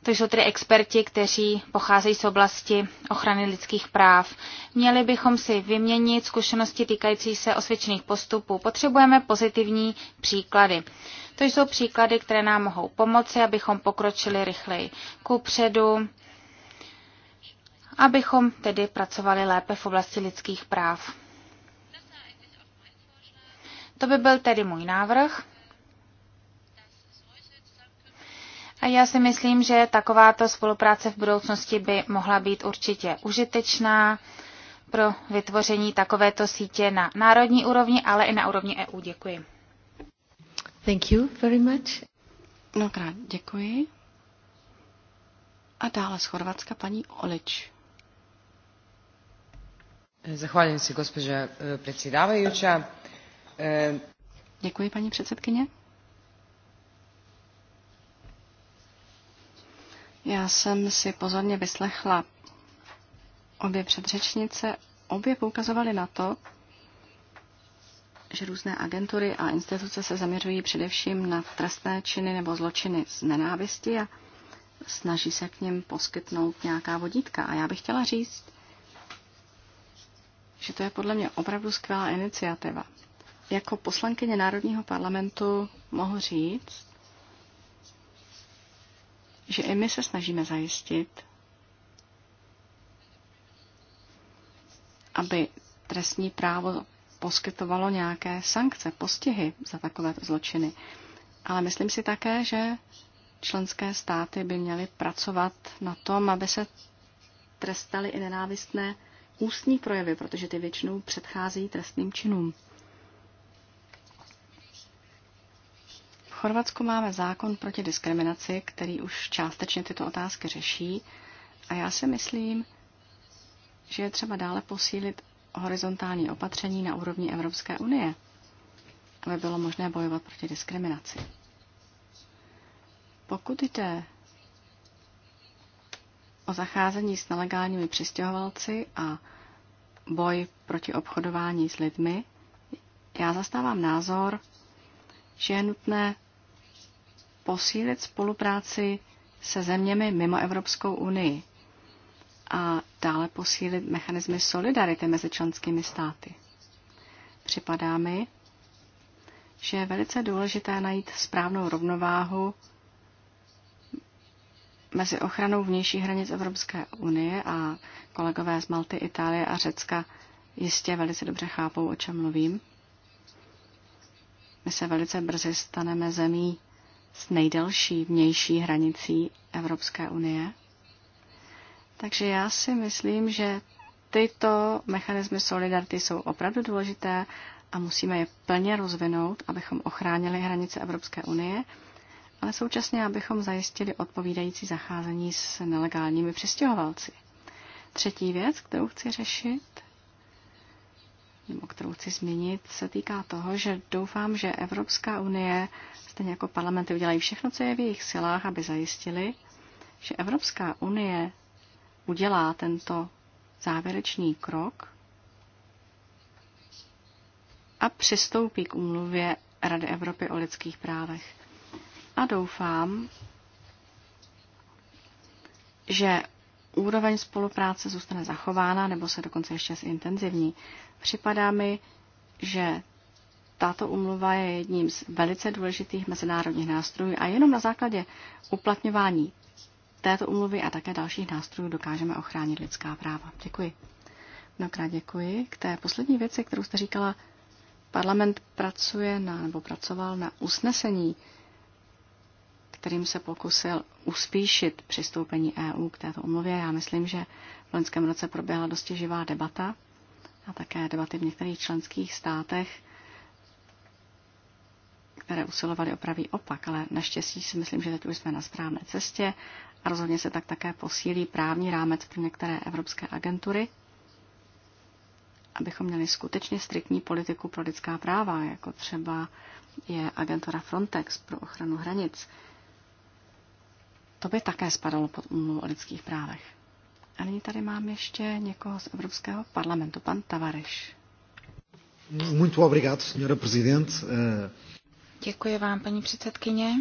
to jsou tedy experti, kteří pocházejí z oblasti ochrany lidských práv. Měli bychom si vyměnit zkušenosti týkající se osvědčených postupů. Potřebujeme pozitivní příklady. To jsou příklady, které nám mohou pomoci, abychom pokročili rychleji ku předu, abychom tedy pracovali lépe v oblasti lidských práv. To by byl tedy můj návrh. A já si myslím, že takováto spolupráce v budoucnosti by mohla být určitě užitečná pro vytvoření takovéto sítě na národní úrovni, ale i na úrovni EU. Děkuji. Thank you very much. Mnohokrát děkuji. A dále z Chorvatska paní Olič. Zahvaljujem se, gospođa eh, predsjedavajuća. Eh, děkuji, paní předsedkyně. Já jsem si pozorně vyslechla obě předřečnice. Obě poukazovaly na to, že různé agentury a instituce se zaměřují především na trestné činy nebo zločiny z nenávisti a snaží se k něm poskytnout nějaká vodítka. A já bych chtěla říct, že to je podle mě opravdu skvělá iniciativa. Jako poslankyně Národního parlamentu mohu říct, že i my se snažíme zajistit, aby trestní právo poskytovalo nějaké sankce, postihy za takové zločiny. Ale myslím si také, že členské státy by měly pracovat na tom, aby se trestaly i nenávistné ústní projevy, protože ty většinou předchází trestným činům. V Chorvatsku máme zákon proti diskriminaci, který už částečně tyto otázky řeší a já si myslím, že je třeba dále posílit horizontální opatření na úrovni Evropské unie, aby bylo možné bojovat proti diskriminaci. Pokud jde o zacházení s nelegálními přistěhovalci a boj proti obchodování s lidmi, já zastávám názor, že je nutné posílit spolupráci se zeměmi mimo Evropskou unii a dále posílit mechanismy solidarity mezi členskými státy. Připadá mi, že je velice důležité najít správnou rovnováhu mezi ochranou vnějších hranic Evropské unie a kolegové z Malty, Itálie a Řecka jistě velice dobře chápou, o čem mluvím. My se velice brzy staneme zemí s nejdelší vnější hranicí Evropské unie. Takže já si myslím, že tyto mechanismy solidarity jsou opravdu důležité a musíme je plně rozvinout, abychom ochránili hranice Evropské unie, ale současně abychom zajistili odpovídající zacházení s nelegálními přistěhovalci. Třetí věc, kterou chci řešit, nebo kterou chci změnit, se týká toho, že doufám, že Evropská unie, stejně jako parlamenty, udělají všechno, co je v jejich silách, aby zajistili, že Evropská unie udělá tento závěrečný krok a přistoupí k úmluvě Rady Evropy o lidských právech. A doufám, že úroveň spolupráce zůstane zachována nebo se dokonce ještě zintenzivní. Připadá mi, že tato umluva je jedním z velice důležitých mezinárodních nástrojů a jenom na základě uplatňování této umluvy a také dalších nástrojů dokážeme ochránit lidská práva. Děkuji. Mnohokrát děkuji. K té poslední věci, kterou jste říkala, parlament pracuje na, nebo pracoval na usnesení, kterým se pokusil uspíšit přistoupení EU k této umluvě. Já myslím, že v loňském roce proběhla dosti živá debata a také debaty v některých členských státech, které usilovaly o pravý opak, ale naštěstí si myslím, že teď už jsme na správné cestě a rozhodně se tak také posílí právní rámec pro některé evropské agentury, abychom měli skutečně striktní politiku pro lidská práva, jako třeba je agentura Frontex pro ochranu hranic. To by také spadalo pod úmluvu o lidských právech. A nyní tady mám ještě někoho z Evropského parlamentu, pan Tavareš. Muito obrigado, senhora presidente. Eh, Děkuji vám, paní předsedkyně.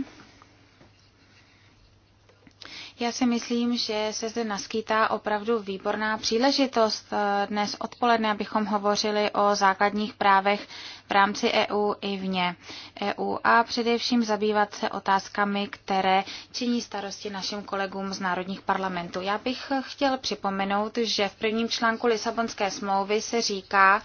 Já si myslím, že se zde naskýtá opravdu výborná příležitost eh, dnes odpoledne, abychom hovořili o základních právech v rámci EU i vně EU a především zabývat se otázkami, které činí starosti našim kolegům z národních parlamentů. Já bych chtěl připomenout, že v prvním článku Lisabonské smlouvy se říká,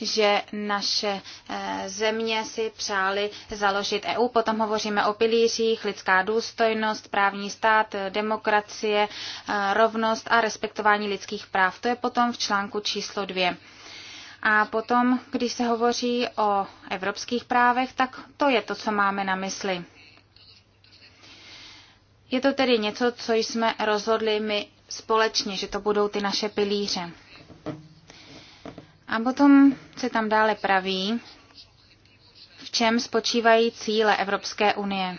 že naše eh, země si přáli založit EU. Potom hovoříme o pilířích, lidská důstojnost, právní stát, eh, demokracie, eh, rovnost a respektování lidských práv. To je potom v článku číslo dvě. A potom, když se hovoří o evropských právech, tak to je to, co máme na mysli. Je to tedy něco, co jsme rozhodli my společně, že to budou ty naše pilíře. A potom se tam dále praví, v čem spočívají cíle Evropské unie.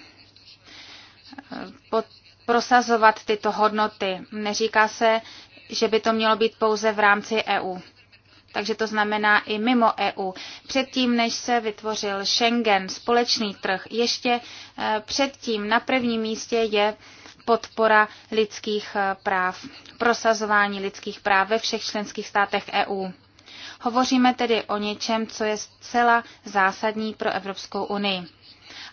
Pod prosazovat tyto hodnoty. Neříká se, že by to mělo být pouze v rámci EU. Takže to znamená i mimo EU. Předtím, než se vytvořil Schengen, společný trh, ještě eh, předtím na prvním místě je podpora lidských eh, práv, prosazování lidských práv ve všech členských státech EU. Hovoříme tedy o něčem, co je zcela zásadní pro Evropskou unii.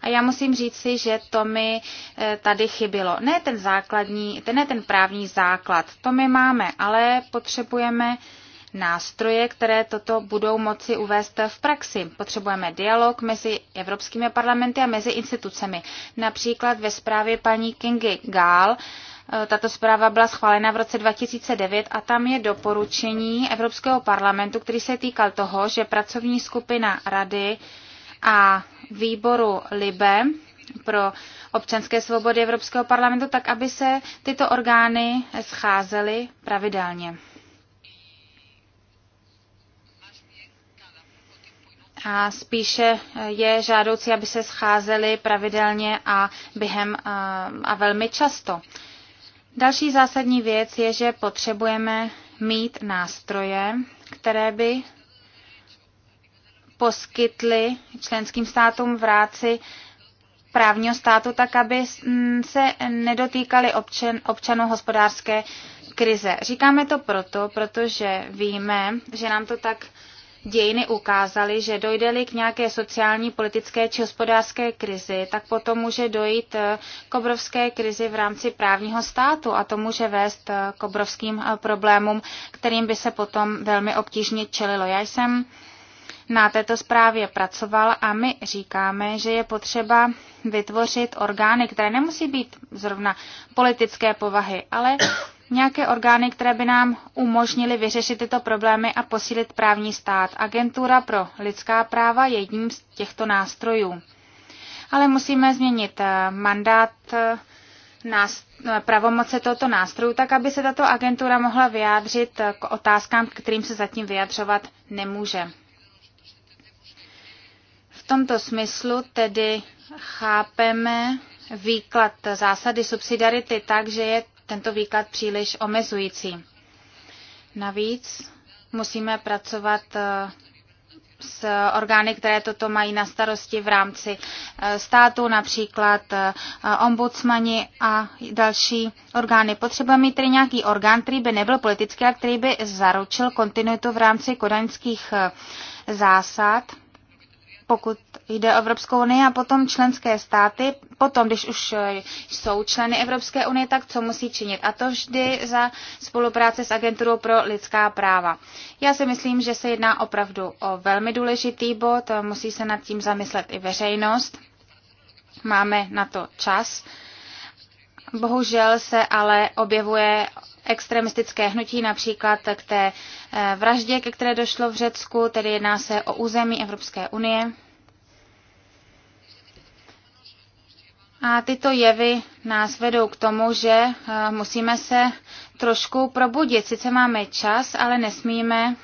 A já musím říci, že to mi eh, tady chybilo. Ne ten základní, ten ne ten právní základ, to my máme, ale potřebujeme nástroje, které toto budou moci uvést v praxi. Potřebujeme dialog mezi evropskými parlamenty a mezi institucemi. Například ve zprávě paní Kingy Gál Eh, tato zpráva byla schválena v roce 2009 a tam je doporučení Evropského parlamentu, který se týkal toho, že pracovní skupina Rady a výboru LIBE pro občanské svobody Evropského parlamentu, tak aby se tyto orgány scházely pravidelně. A spíše eh, je žádoucí, aby se scházely pravidelně a během eh, a velmi často. Další zásadní věc je, že potřebujeme mít nástroje, které by poskytly členským státům v ráci právního státu, tak aby se nedotýkali občan, občanů hospodářské krize. Říkáme to proto, protože víme, že nám to tak dějiny ukázaly, že dojde-li k nějaké sociální, politické či hospodářské krizi, tak potom může dojít eh, k obrovské krizi v rámci právního státu a to může vést eh, k obrovským eh, problémům, kterým by se potom velmi obtížně čelilo. Já jsem na této zprávě pracoval a my říkáme, že je potřeba vytvořit orgány, které nemusí být zrovna politické povahy, ale nějaké orgány, které by nám umožnily vyřešit tyto problémy a posílit právní stát. Agentura pro lidská práva je jedním z těchto nástrojů. Ale musíme změnit eh, mandát eh, nás, eh, pravomoce tohoto nástroju, tak aby se tato agentura mohla vyjádřit k otázkám, k kterým se zatím vyjadřovat nemůže. V tomto smyslu tedy chápeme výklad zásady subsidiarity tak, že je tento výklad příliš omezující. Navíc musíme pracovat eh, s orgány, které toto mají na starosti v rámci eh, státu, například eh, ombudsmani a další orgány. Potřebujeme mít tedy nějaký orgán, který by nebyl politický, a který by zaručil kontinuitu v rámci kodaňských zásad pokud jde o Evropskou unii a potom členské státy, potom, když už eh, jsou členy Evropské unie, tak co musí činit. A to vždy za spolupráce s Agenturou pro lidská práva. Já si myslím, že se jedná opravdu o velmi důležitý bod, eh, musí se nad tím zamyslet i veřejnost. Máme na to čas. Bohužel se ale objevuje extremistické hnutí, například k té eh, vraždě, ke které došlo v Řecku, tedy jedná se o území Evropské unie. A tyto jevy nás vedou k tomu, že eh, musíme se trošku probudit. Sice máme čas, ale nesmíme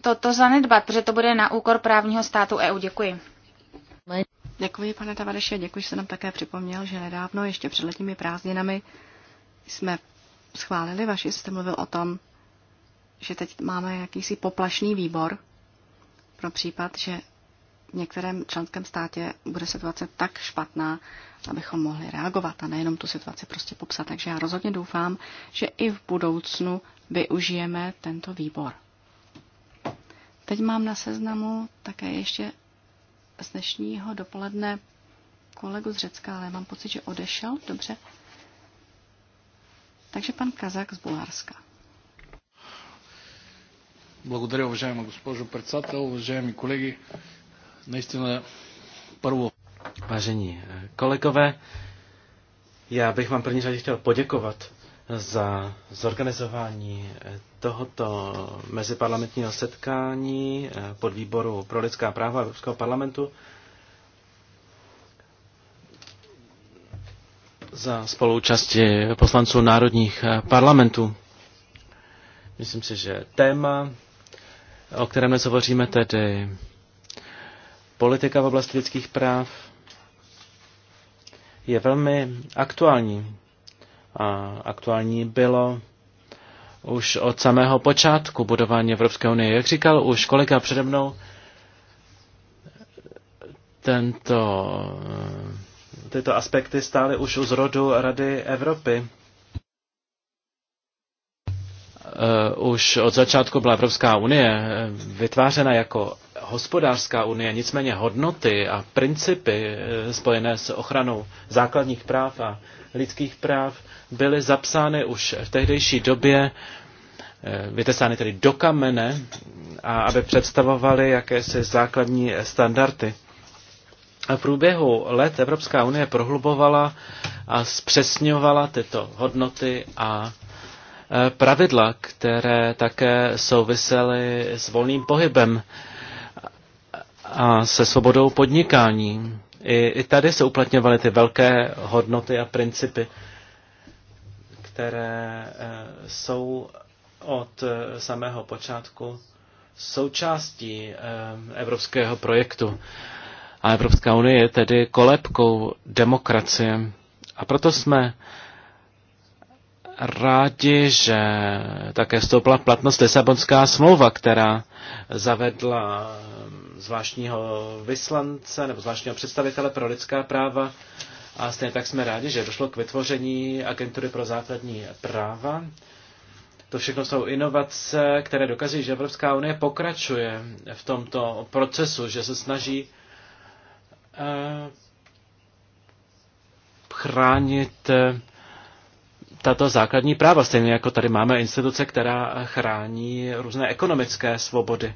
toto zanedbat, protože to bude na úkor právního státu EU. Děkuji. Děkuji, pane Tavareše, děkuji, že se nám také připomněl, že nedávno, ještě před letními prázdninami, jsme schválili vaši, jste mluvil o tom, že teď máme jakýsi poplašný výbor pro případ, že v některém členském státě bude situace tak špatná, abychom mohli reagovat a nejenom tu situaci prostě popsat. Takže já rozhodně doufám, že i v budoucnu využijeme tento výbor. Teď mám na seznamu také ještě z dnešního dopoledne kolegu z Řecka, ale mám pocit, že odešel. Dobře. Takže pan Kazak z Bulharska. Благодаря, уважаема госпожо председател, уважаеми колеги. Naistина prvo. Vážení eh, kolegové, já bych vám první řadě chtěl poděkovat za zorganizování eh, tohoto meziparlamentního setkání eh, pod výboru pro lidská práva Evropského parlamentu za spoluúčasti poslanců národních parlamentů. Myslím si, že téma, o kterém dnes hovoříme, tedy politika v oblasti lidských práv je velmi aktuální. A aktuální bylo už od samého počátku budování Evropské unie. Jak říkal už kolega přede mnou, tento, tyto aspekty stály už u zrodu Rady Evropy. Eh, už od začátku byla Evropská unie eh, vytvářena jako hospodářská unie, nicméně hodnoty a principy eh, spojené s ochranou základních práv a lidských práv byly zapsány už v tehdejší době, eh, vytesány tedy do kamene, a aby představovaly jakési základní standardy. A v průběhu let Evropská unie prohlubovala a zpřesňovala tyto hodnoty a eh, pravidla, které také souvisely s volným pohybem a se svobodou podnikání. I, I tady se uplatňovaly ty velké hodnoty a principy, které eh, jsou od eh, samého počátku součástí eh, evropského projektu. A Evropská unie je tedy kolebkou demokracie. A proto jsme rádi, že také vstoupila v platnost Lisabonská smlouva, která zavedla zvláštního vyslance nebo zvláštního představitele pro lidská práva. A stejně tak jsme rádi, že došlo k vytvoření agentury pro základní práva. To všechno jsou inovace, které dokazují, že Evropská unie pokračuje v tomto procesu, že se snaží eh, chránit eh, tato základní práva, stejně jako tady máme instituce, která chrání různé ekonomické svobody.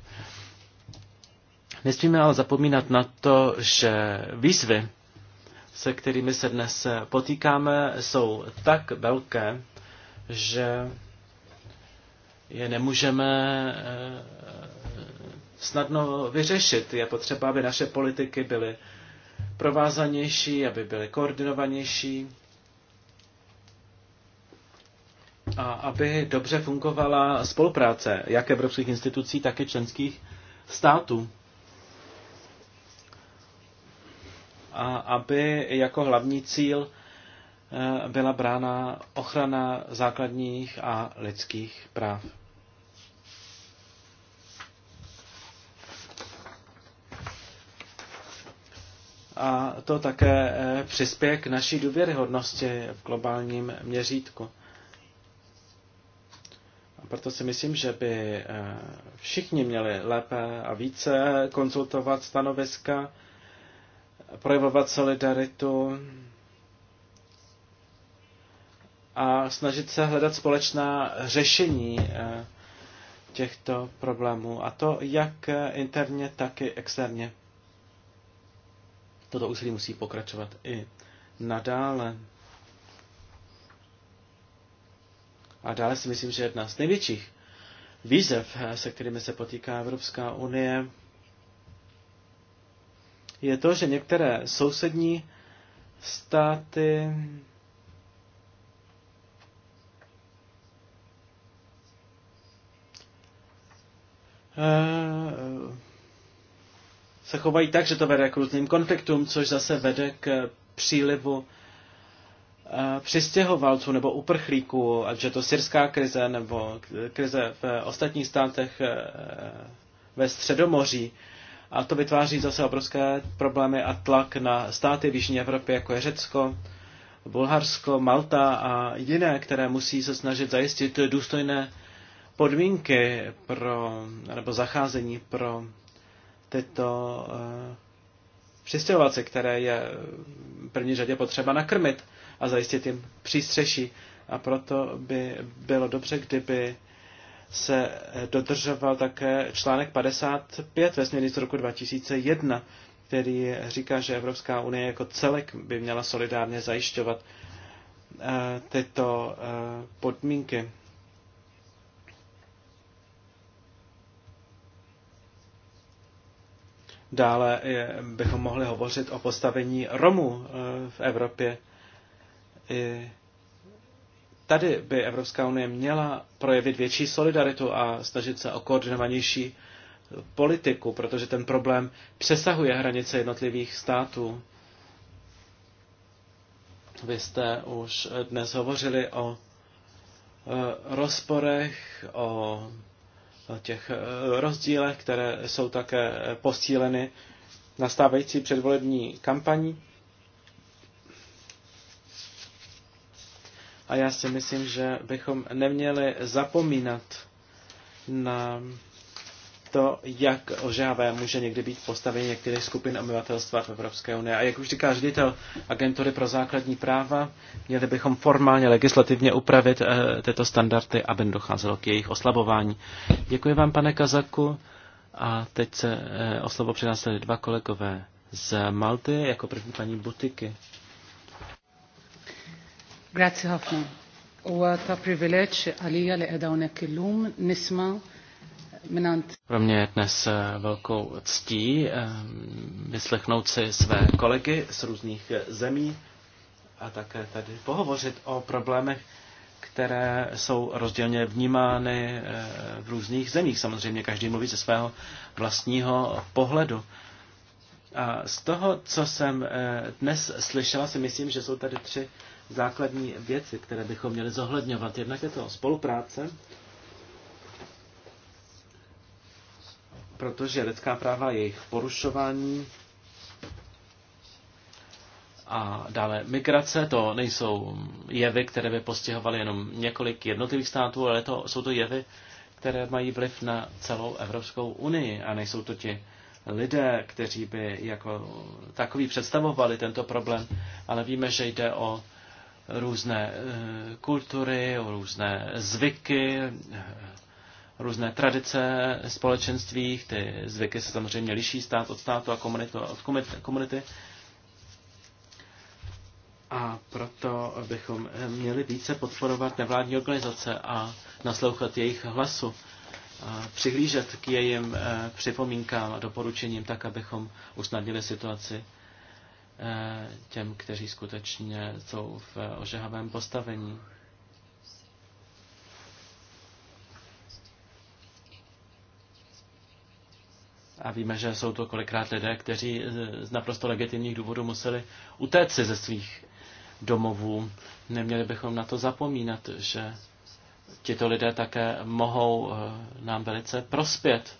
Nesmíme ale zapomínat na to, že výzvy, se kterými se dnes potýkáme, jsou tak velké, že je nemůžeme eh, snadno vyřešit. Je potřeba, aby naše politiky byly provázanější, aby byly koordinovanější a aby dobře fungovala spolupráce jak evropských institucí, tak i členských států. a aby jako hlavní cíl eh, byla brána ochrana základních a lidských práv. A to také eh, přispěje k naší důvěryhodnosti v globálním měřítku. A proto si myslím, že by eh, všichni měli lépe a více konzultovat stanoviska projevovat solidaritu a snažit se hledat společná řešení eh, těchto problémů, a to jak eh, interně, tak i externě. Toto úsilí musí pokračovat i nadále. A dále si myslím, že jedna z největších výzev, eh, se kterými se potýká Evropská unie, je to, že některé sousední státy eh, se chovají tak, že to vede k různým konfliktům, což zase vede k přílivu eh, přistěhovalců nebo uprchlíků, ať je to syrská krize nebo krize v ostatních státech eh, ve Středomoří, a to vytváří zase obrovské problémy a tlak na státy v Jižní Evropě, jako je Řecko, Bulharsko, Malta a jiné, které musí se snažit zajistit důstojné podmínky pro, nebo zacházení pro tyto uh, přistěhovalce, které je v první řadě potřeba nakrmit a zajistit jim přístřeší. A proto by bylo dobře, kdyby uh, se dodržoval také článek 55 ve směrnici roku 2001, který říká, že Evropská unie jako celek by měla solidárně zajišťovat eh, tyto eh, podmínky. Dále eh, bychom mohli hovořit o postavení Romů v Evropě. Tady by Evropská unie měla projevit větší solidaritu a snažit se o koordinovanější politiku, protože ten problém přesahuje hranice jednotlivých států. Vy jste už dnes hovořili o e, rozporech, o těch e, rozdílech, které jsou také posíleny nastávající předvolební kampaní. A já si myslím, že bychom neměli zapomínat na to, jak ožávé může někdy být postavení některých skupin obyvatelstva v Evropské unii. A jak už říká ředitel agentury pro základní práva, měli bychom formálně legislativně upravit e, tyto standardy, aby docházelo k jejich oslabování. Děkuji vám, pane Kazaku. A teď se e, o slovo dva kolegové z Malty, jako první paní Butiky. Grazie ħafna. Huwa ta' privileġġ għalija li nisma' minant. Pro mě je dnes eh, velkou ctí eh, vyslechnout si své kolegy z různých eh, zemí a také tady pohovořit o problémech, které jsou rozdílně vnímány v různých zemích. Samozřejmě každý mluví ze svého vlastního pohledu. A z toho, co jsem dnes slyšela, si myslím, že jsou tady tři základní věci, které bychom měli zohledňovat. Jednak je to spolupráce, protože lidská práva, jejich porušování a dále migrace, to nejsou jevy, které by postihovaly jenom několik jednotlivých států, ale to, jsou to jevy, které mají vliv na celou Evropskou unii a nejsou to ti lidé, kteří by jako takový představovali tento problém, ale víme, že jde o různé eh, kultury, o různé zvyky, eh, různé tradice společenství. Ty zvyky se samozřejmě liší stát od státu a komunitu, od komunity. A proto bychom měli více podporovat nevládní organizace a naslouchat jejich hlasu. A přihlížet k jejím eh, připomínkám a doporučením tak, abychom usnadnili situaci Eh, těm, kteří skutečně jsou v ožehavém postavení. A víme, že jsou to kolikrát lidé, kteří z naprosto legitimních důvodů museli utéct si ze svých domovů. Neměli bychom na to zapomínat, že tito lidé také mohou eh, nám velice prospět.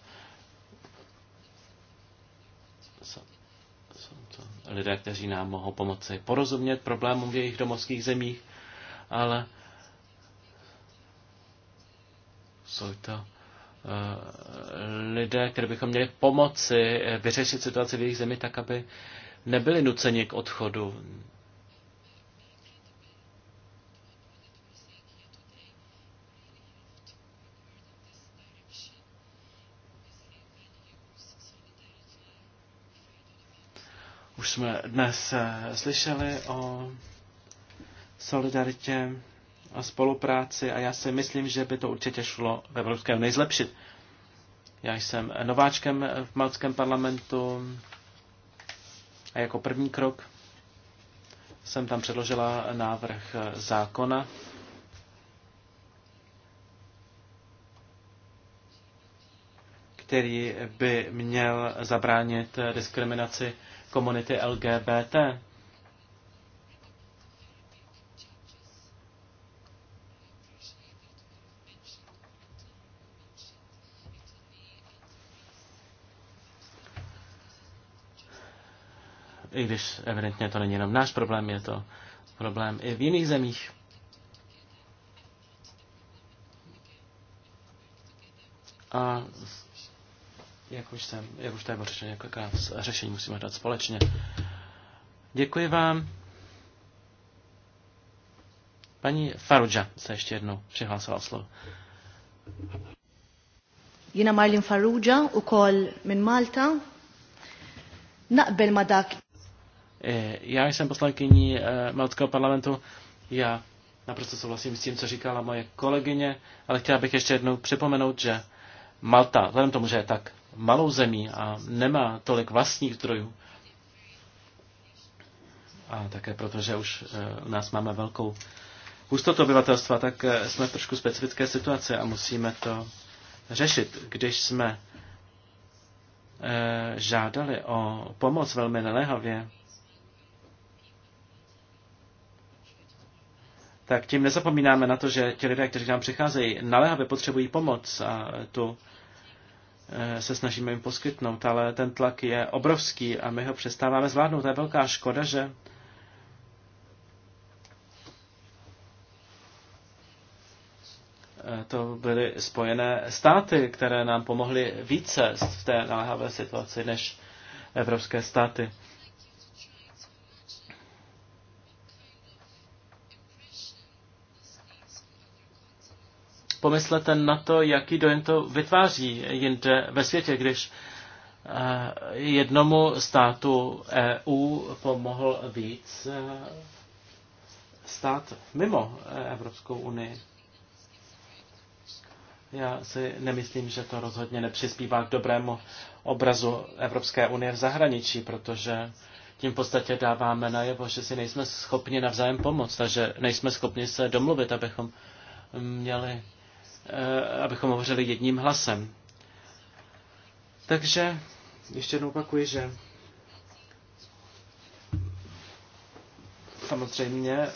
lidé, kteří nám mohou pomoci porozumět problémům v jejich domovských zemích, ale jsou to eh, lidé, které bychom měli pomoci eh, vyřešit situaci v jejich zemi tak, aby nebyli nuceni k odchodu. Už jsme dnes eh, slyšeli o solidaritě a spolupráci a já si myslím, že by to určitě šlo ve Evropské unii zlepšit. Já jsem nováčkem v Malckém parlamentu a jako první krok jsem tam předložila návrh zákona, který by měl zabránit diskriminaci komunity LGBT. I když evidentně to není jenom náš problém, je to problém i v jiných zemích. A jak už, jsem, jak už tady bylo řečeno několikrát, řešení musíme dát společně. Děkuji vám. Paní Faruja se ještě jednou přihlásila slovo. Jina Marlin Faruja, ukol min Malta. Naqbel ma eh, Já jsem poslankyní eh, Maltského parlamentu. Já naprosto souhlasím s tím, co říkala moje kolegyně, ale chtěla bych ještě jednou připomenout, že Malta, vzhledem tomu, že je tak malou zemí a nemá tolik vlastních zdrojů. A také proto, že už eh, u nás máme velkou hustotu obyvatelstva, tak eh, jsme v trošku specifické situace a musíme to řešit. Když jsme eh, žádali o pomoc velmi naléhavě, tak tím nezapomínáme na to, že ti lidé, kteří nám přicházejí, naléhavě potřebují pomoc a tu Eh, se snažíme jim poskytnout, ale ten tlak je obrovský a my ho přestáváme zvládnout. To je velká škoda, že eh, to byly spojené státy, které nám pomohly více v té náhavé situaci než evropské státy. pomyslete na to, jaký dojem to vytváří jinde ve světě, když eh, jednomu státu EU pomohl víc eh, stát mimo Evropskou unii. Já si nemyslím, že to rozhodně nepřispívá k dobrému obrazu Evropské unie v zahraničí, protože tím v podstatě dáváme najevo, že si nejsme schopni navzájem pomoct, takže nejsme schopni se domluvit, abychom měli Eh, abychom hovořili jedním hlasem. Takže ještě jednou opakuji, že samozřejmě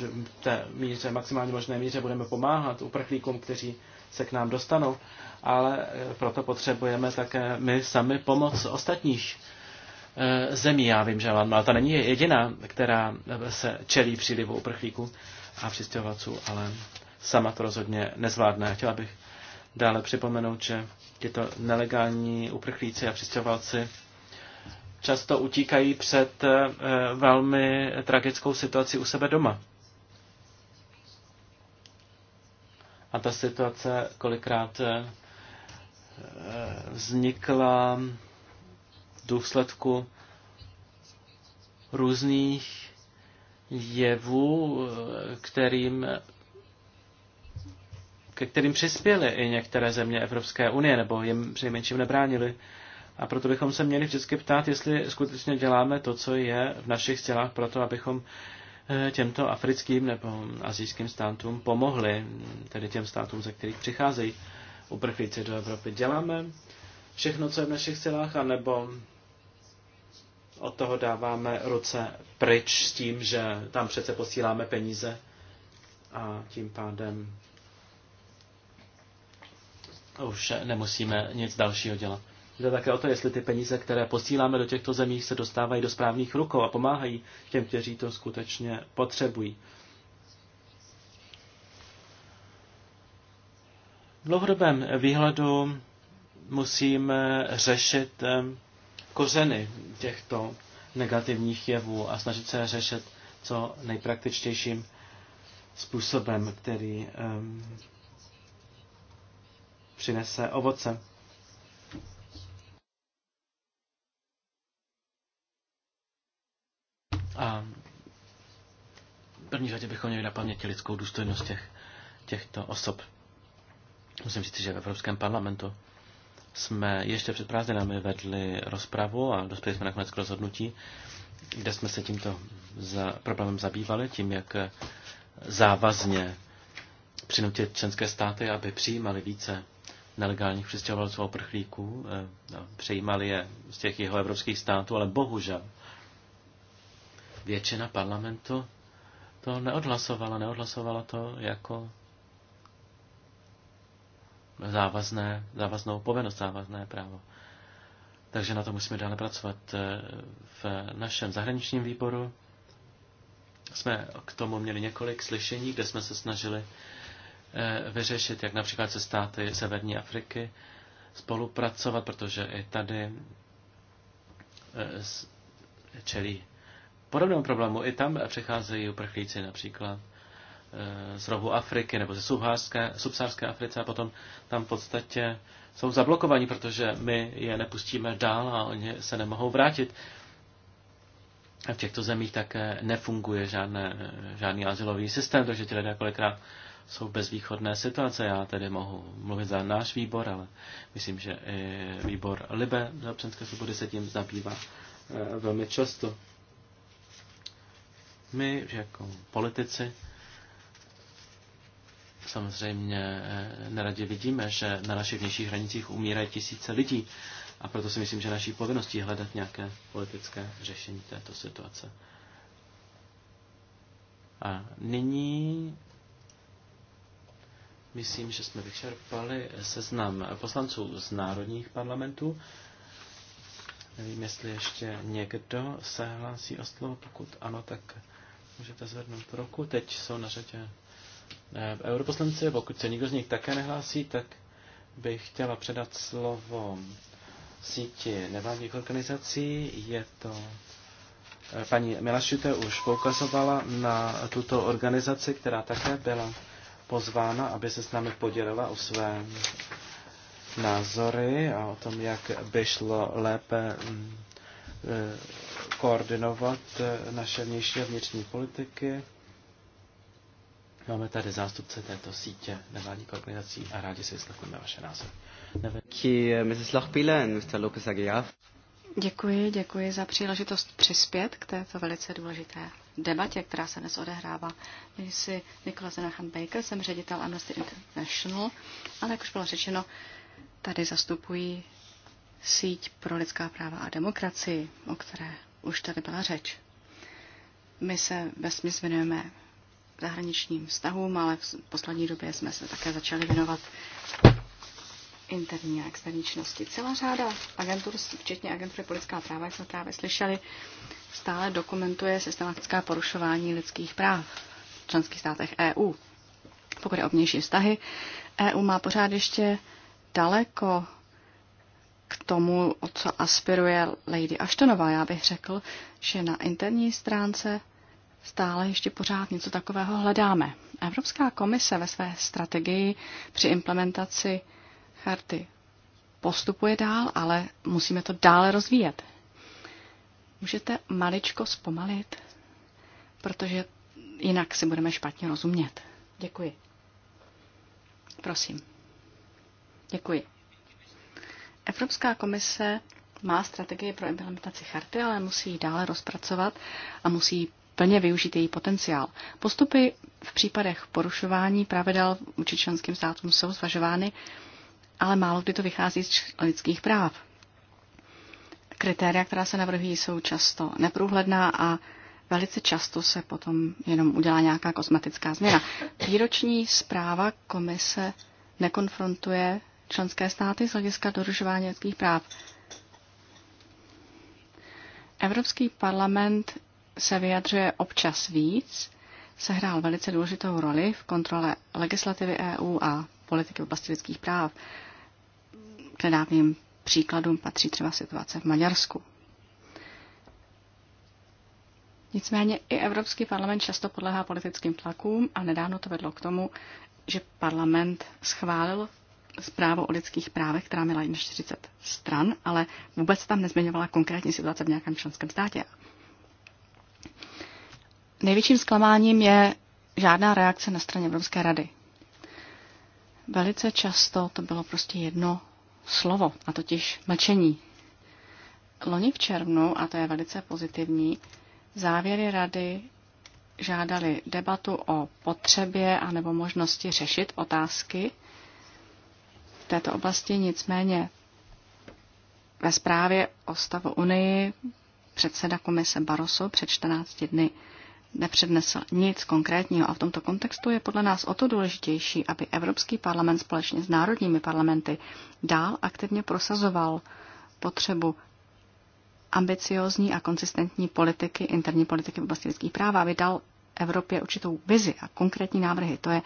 v té míře, maximálně možné míře budeme pomáhat uprchlíkům, kteří se k nám dostanou, ale eh, proto potřebujeme také my sami pomoc ostatních eh, zemí. Já vím, že Malta není jediná, která se čelí přílivu uprchlíků a přistěhovaců, ale sama to rozhodně nezvládne. Chtěla bych dále připomenout, že tyto nelegální uprchlíci a přistěhovalci často utíkají před eh, velmi tragickou situací u sebe doma. A ta situace kolikrát eh, vznikla v důsledku různých jevů, eh, kterým ke kterým přispěly i některé země Evropské unie, nebo jim přejmenším nebránili. A proto bychom se měli vždycky ptát, jestli skutečně děláme to, co je v našich silách, proto abychom eh, těmto africkým nebo azijským státům pomohli, tedy těm státům, ze kterých přicházejí uprchlíci do Evropy. Děláme všechno, co je v našich silách, anebo od toho dáváme ruce pryč s tím, že tam přece posíláme peníze a tím pádem už nemusíme nic dalšího dělat. Jde také o to, jestli ty peníze, které posíláme do těchto zemí, se dostávají do správných rukou a pomáhají těm, kteří to skutečně potřebují. V dlouhodobém výhledu musíme řešit eh, kořeny těchto negativních jevů a snažit se řešit co nejpraktičtějším způsobem, který eh, přinese ovoce. A v první řadě bychom měli na paměti lidskou důstojnost těch, těchto osob. Musím říct, že v Evropském parlamentu jsme ještě před prázdninami vedli rozpravu a dospěli jsme nakonec k rozhodnutí, kde jsme se tímto za, problémem zabývali, tím, jak závazně přinutit členské státy, aby přijímali více nelegálních přistěhovalců a uprchlíků. Eh, no, přejímali je z těch jeho evropských států, ale bohužel většina parlamentu to neodhlasovala. Neodhlasovala to jako závazné, závaznou povinnost, závazné právo. Takže na to musíme dále pracovat. Eh, v našem zahraničním výboru jsme k tomu měli několik slyšení, kde jsme se snažili Eh, vyřešit, jak například se státy Severní Afriky spolupracovat, protože i tady eh, čelí podobnému problému. I tam přicházejí uprchlíci například eh, z rohu Afriky nebo ze subsárské Africe a potom tam v podstatě jsou zablokovaní, protože my je nepustíme dál a oni se nemohou vrátit. V těchto zemích také nefunguje žádné, žádný asilový systém, takže ti lidé kolikrát jsou v bezvýchodné situace. Já tedy mohu mluvit za náš výbor, ale myslím, že i výbor Libe za občanské svobody se tím zabývá eh, velmi často. My jako politici samozřejmě eh, neradě vidíme, že na našich vnějších hranicích umírají tisíce lidí a proto si myslím, že naší povinností je hledat nějaké politické řešení této situace. A nyní Myslím, že jsme vyčerpali seznam poslanců z národních parlamentů. Nevím, jestli ještě někdo se hlásí o slovo. Pokud ano, tak můžete zvednout ruku. Teď jsou na řadě eh, europoslanci. Pokud se nikdo z nich také nehlásí, tak bych chtěla předat slovo síti nevládních organizací. Je to eh, paní Milašute už poukazovala na tuto organizaci, která také byla pozvána, aby se s námi podělila o své názory a o tom, jak by šlo lépe mm, e, koordinovat e, naše vnější a vnitřní politiky. Máme tady zástupce této sítě nevládních organizací a rádi si vyslechneme vaše názory. Děkuji, Nevím. Eh, Děkuji, děkuji za příležitost přispět k této velice důležité debatě, která se dnes odehrává. si Nikola Zenachan Baker, jsem ředitel Amnesty International, ale jak už bylo řečeno, tady zastupují síť pro lidská práva a demokracii, o které už tady byla řeč. My se vesměs věnujeme zahraničním vztahům, ale v poslední době jsme se také začali věnovat interní a externí činnosti. Celá řáda agentur, včetně agentury politická práva, jak jsme právě slyšeli, stále dokumentuje systematická porušování lidských práv v členských státech EU. Pokud je o vnější vztahy, EU má pořád ještě daleko k tomu, o co aspiruje Lady Ashtonová. Já bych řekl, že na interní stránce stále ještě pořád něco takového hledáme. Evropská komise ve své strategii při implementaci charty postupuje dál, ale musíme to dále rozvíjet. Můžete maličko zpomalit, protože jinak si budeme špatně rozumět. Děkuji. Prosím. Děkuji. Evropská komise má strategii pro implementaci charty, ale musí ji dále rozpracovat a musí plně využít její potenciál. Postupy v případech porušování pravidel vůči členským státům jsou zvažovány ale málo kdy to vychází z lidských práv. Kritéria, která se navrhují, jsou často neprůhledná a velice často se potom jenom udělá nějaká kosmetická změna. Výroční zpráva komise nekonfrontuje členské státy z hlediska dodržování lidských práv. Evropský parlament se vyjadřuje občas víc, sehrál velice důležitou roli v kontrole legislativy EU a politiky v oblasti lidských práv. K nedávným příkladům patří třeba situace v Maďarsku. Nicméně i Evropský parlament často podlehá politickým tlakům a nedávno to vedlo k tomu, že parlament schválil zprávu o lidských právech, která měla jen 40 stran, ale vůbec tam nezmiňovala konkrétní situace v nějakém členském státě. Největším zklamáním je žádná reakce na straně Evropské rady velice často to bylo prostě jedno slovo, a totiž mlčení. Loni v červnu, a to je velice pozitivní, závěry rady žádali debatu o potřebě anebo možnosti řešit otázky v této oblasti, nicméně ve zprávě o stavu Unii předseda komise Barroso před 14 dny nepřednesl nic konkrétního a v tomto kontextu je podle nás o to důležitější, aby Evropský parlament společně s národními parlamenty dál aktivně prosazoval potřebu ambiciozní a konsistentní politiky, interní politiky v oblasti lidských práv, aby dal Evropě určitou vizi a konkrétní návrhy. To je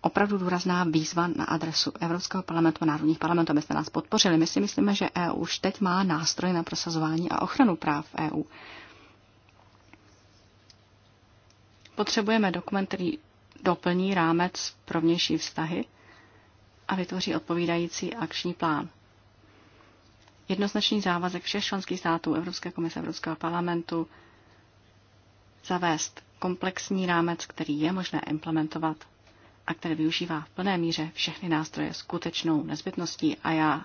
opravdu důrazná výzva na adresu Evropského parlamentu a národních parlamentů, abyste nás podpořili. My si myslíme, že EU už teď má nástroje na prosazování a ochranu práv EU. Potřebujeme dokument, který doplní rámec pro vnější vztahy a vytvoří odpovídající akční plán. Jednoznačný závazek všech členských států Evropské komise Evropského parlamentu zavést komplexní rámec, který je možné implementovat a který využívá v plné míře všechny nástroje skutečnou nezbytností. A já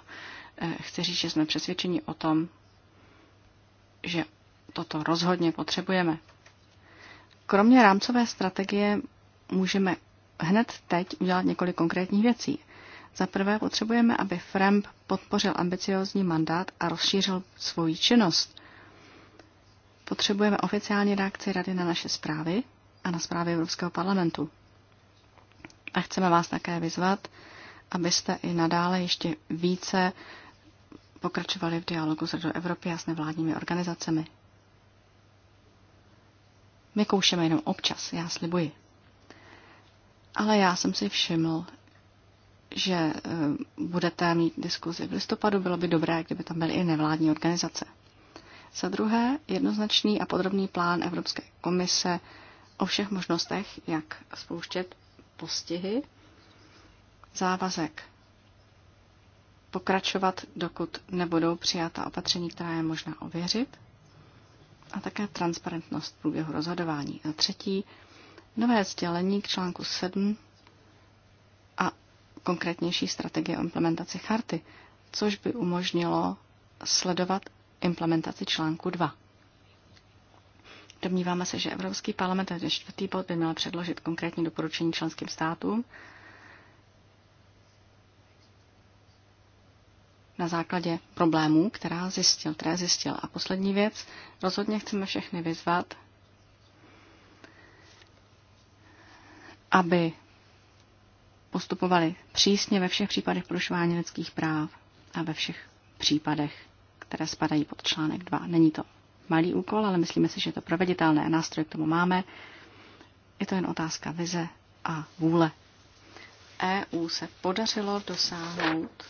eh, chci říct, že jsme přesvědčeni o tom, že toto rozhodně potřebujeme. Kromě rámcové strategie můžeme hned teď udělat několik konkrétních věcí. Za prvé potřebujeme, aby FREMP podpořil ambiciózní mandát a rozšířil svoji činnost. Potřebujeme oficiální reakci Rady na naše zprávy a na zprávy Evropského parlamentu. A chceme vás také vyzvat, abyste i nadále ještě více pokračovali v dialogu s Radou Evropy a s nevládními organizacemi. My koušeme jenom občas, já slibuji. Ale já jsem si všiml, že eh, budete mít diskuzi v listopadu, bylo by dobré, kdyby tam byly i nevládní organizace. Za druhé, jednoznačný a podrobný plán Evropské komise o všech možnostech, jak spouštět postihy, závazek pokračovat, dokud nebudou přijata opatření, která je možná ověřit, a také transparentnost průběhu rozhodování. A třetí, nové sdělení k článku 7 a konkrétnější strategie o implementaci charty, což by umožnilo sledovat implementaci článku 2. Domníváme se, že Evropský parlament a jako čtvrtý bod by měl předložit konkrétní doporučení členským státům na základě problémů, která zjistil, které zjistil. A poslední věc, rozhodně chceme všechny vyzvat, aby postupovali přísně ve všech případech porušování lidských práv a ve všech případech, které spadají pod článek 2. Není to malý úkol, ale myslíme si, že je to proveditelné. Nástroj k tomu máme. Je to jen otázka vize a vůle. EU se podařilo dosáhnout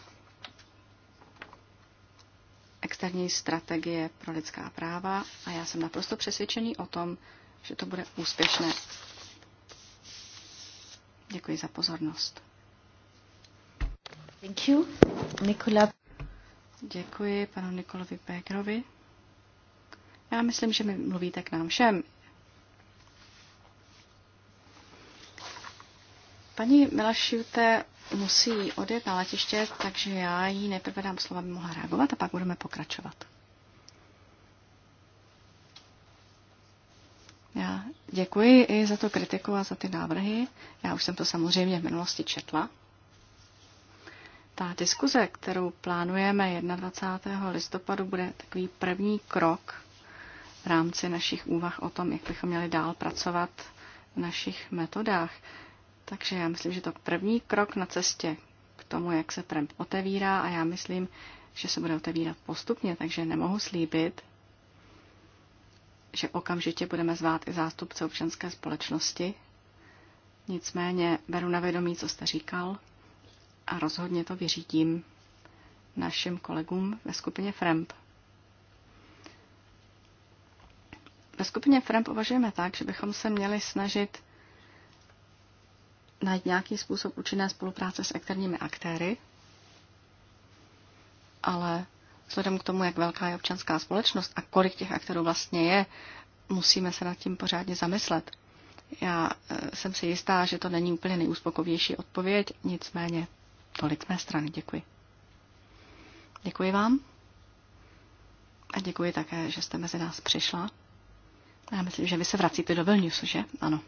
externí strategie pro lidská práva a já jsem naprosto přesvědčený o tom, že to bude úspěšné. Děkuji za pozornost. Thank you. Nikola. Děkuji panu Nikolovi Pégrovi. Já myslím, že mi mluvíte k nám všem. Paní Milašiute musí odjet na letiště, takže já jí nejprve dám slova, aby mohla reagovat a pak budeme pokračovat. Já děkuji i za to kritiku a za ty návrhy. Já už jsem to samozřejmě v minulosti četla. Ta diskuze, kterou plánujeme 21. listopadu, bude takový první krok v rámci našich úvah o tom, jak bychom měli dál pracovat v našich metodách. Takže já myslím, že to první krok na cestě k tomu, jak se trend otevírá a já myslím, že se bude otevírat postupně, takže nemohu slíbit, že okamžitě budeme zvát i zástupce občanské společnosti. Nicméně beru na vědomí, co jste říkal a rozhodně to vyřídím našim kolegům ve skupině FREMP. Ve skupině FREMP uvažujeme tak, že bychom se měli snažit najít nějaký způsob účinné spolupráce s externími aktéry, ale vzhledem k tomu, jak velká je občanská společnost a kolik těch aktérů vlastně je, musíme se nad tím pořádně zamyslet. Já eh, jsem si jistá, že to není úplně nejúspokovější odpověď, nicméně tolik z mé strany. Děkuji. Děkuji vám a děkuji také, že jste mezi nás přišla. Já myslím, že vy se vracíte do Vilniusu, že? Ano.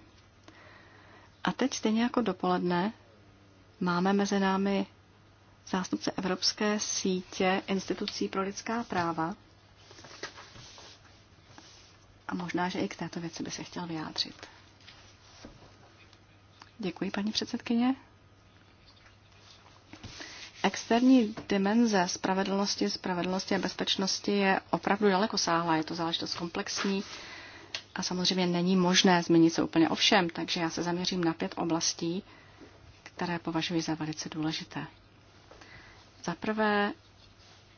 A teď stejně jako dopoledne máme mezi námi zástupce Evropské sítě institucí pro lidská práva. A možná, že i k této věci by se chtěl vyjádřit. Děkuji, paní předsedkyně. Externí dimenze spravedlnosti, spravedlnosti a bezpečnosti je opravdu dalekosáhlá. Je to záležitost komplexní a samozřejmě není možné změnit se úplně o všem, takže já se zaměřím na pět oblastí, které považuji za velice důležité. Za prvé,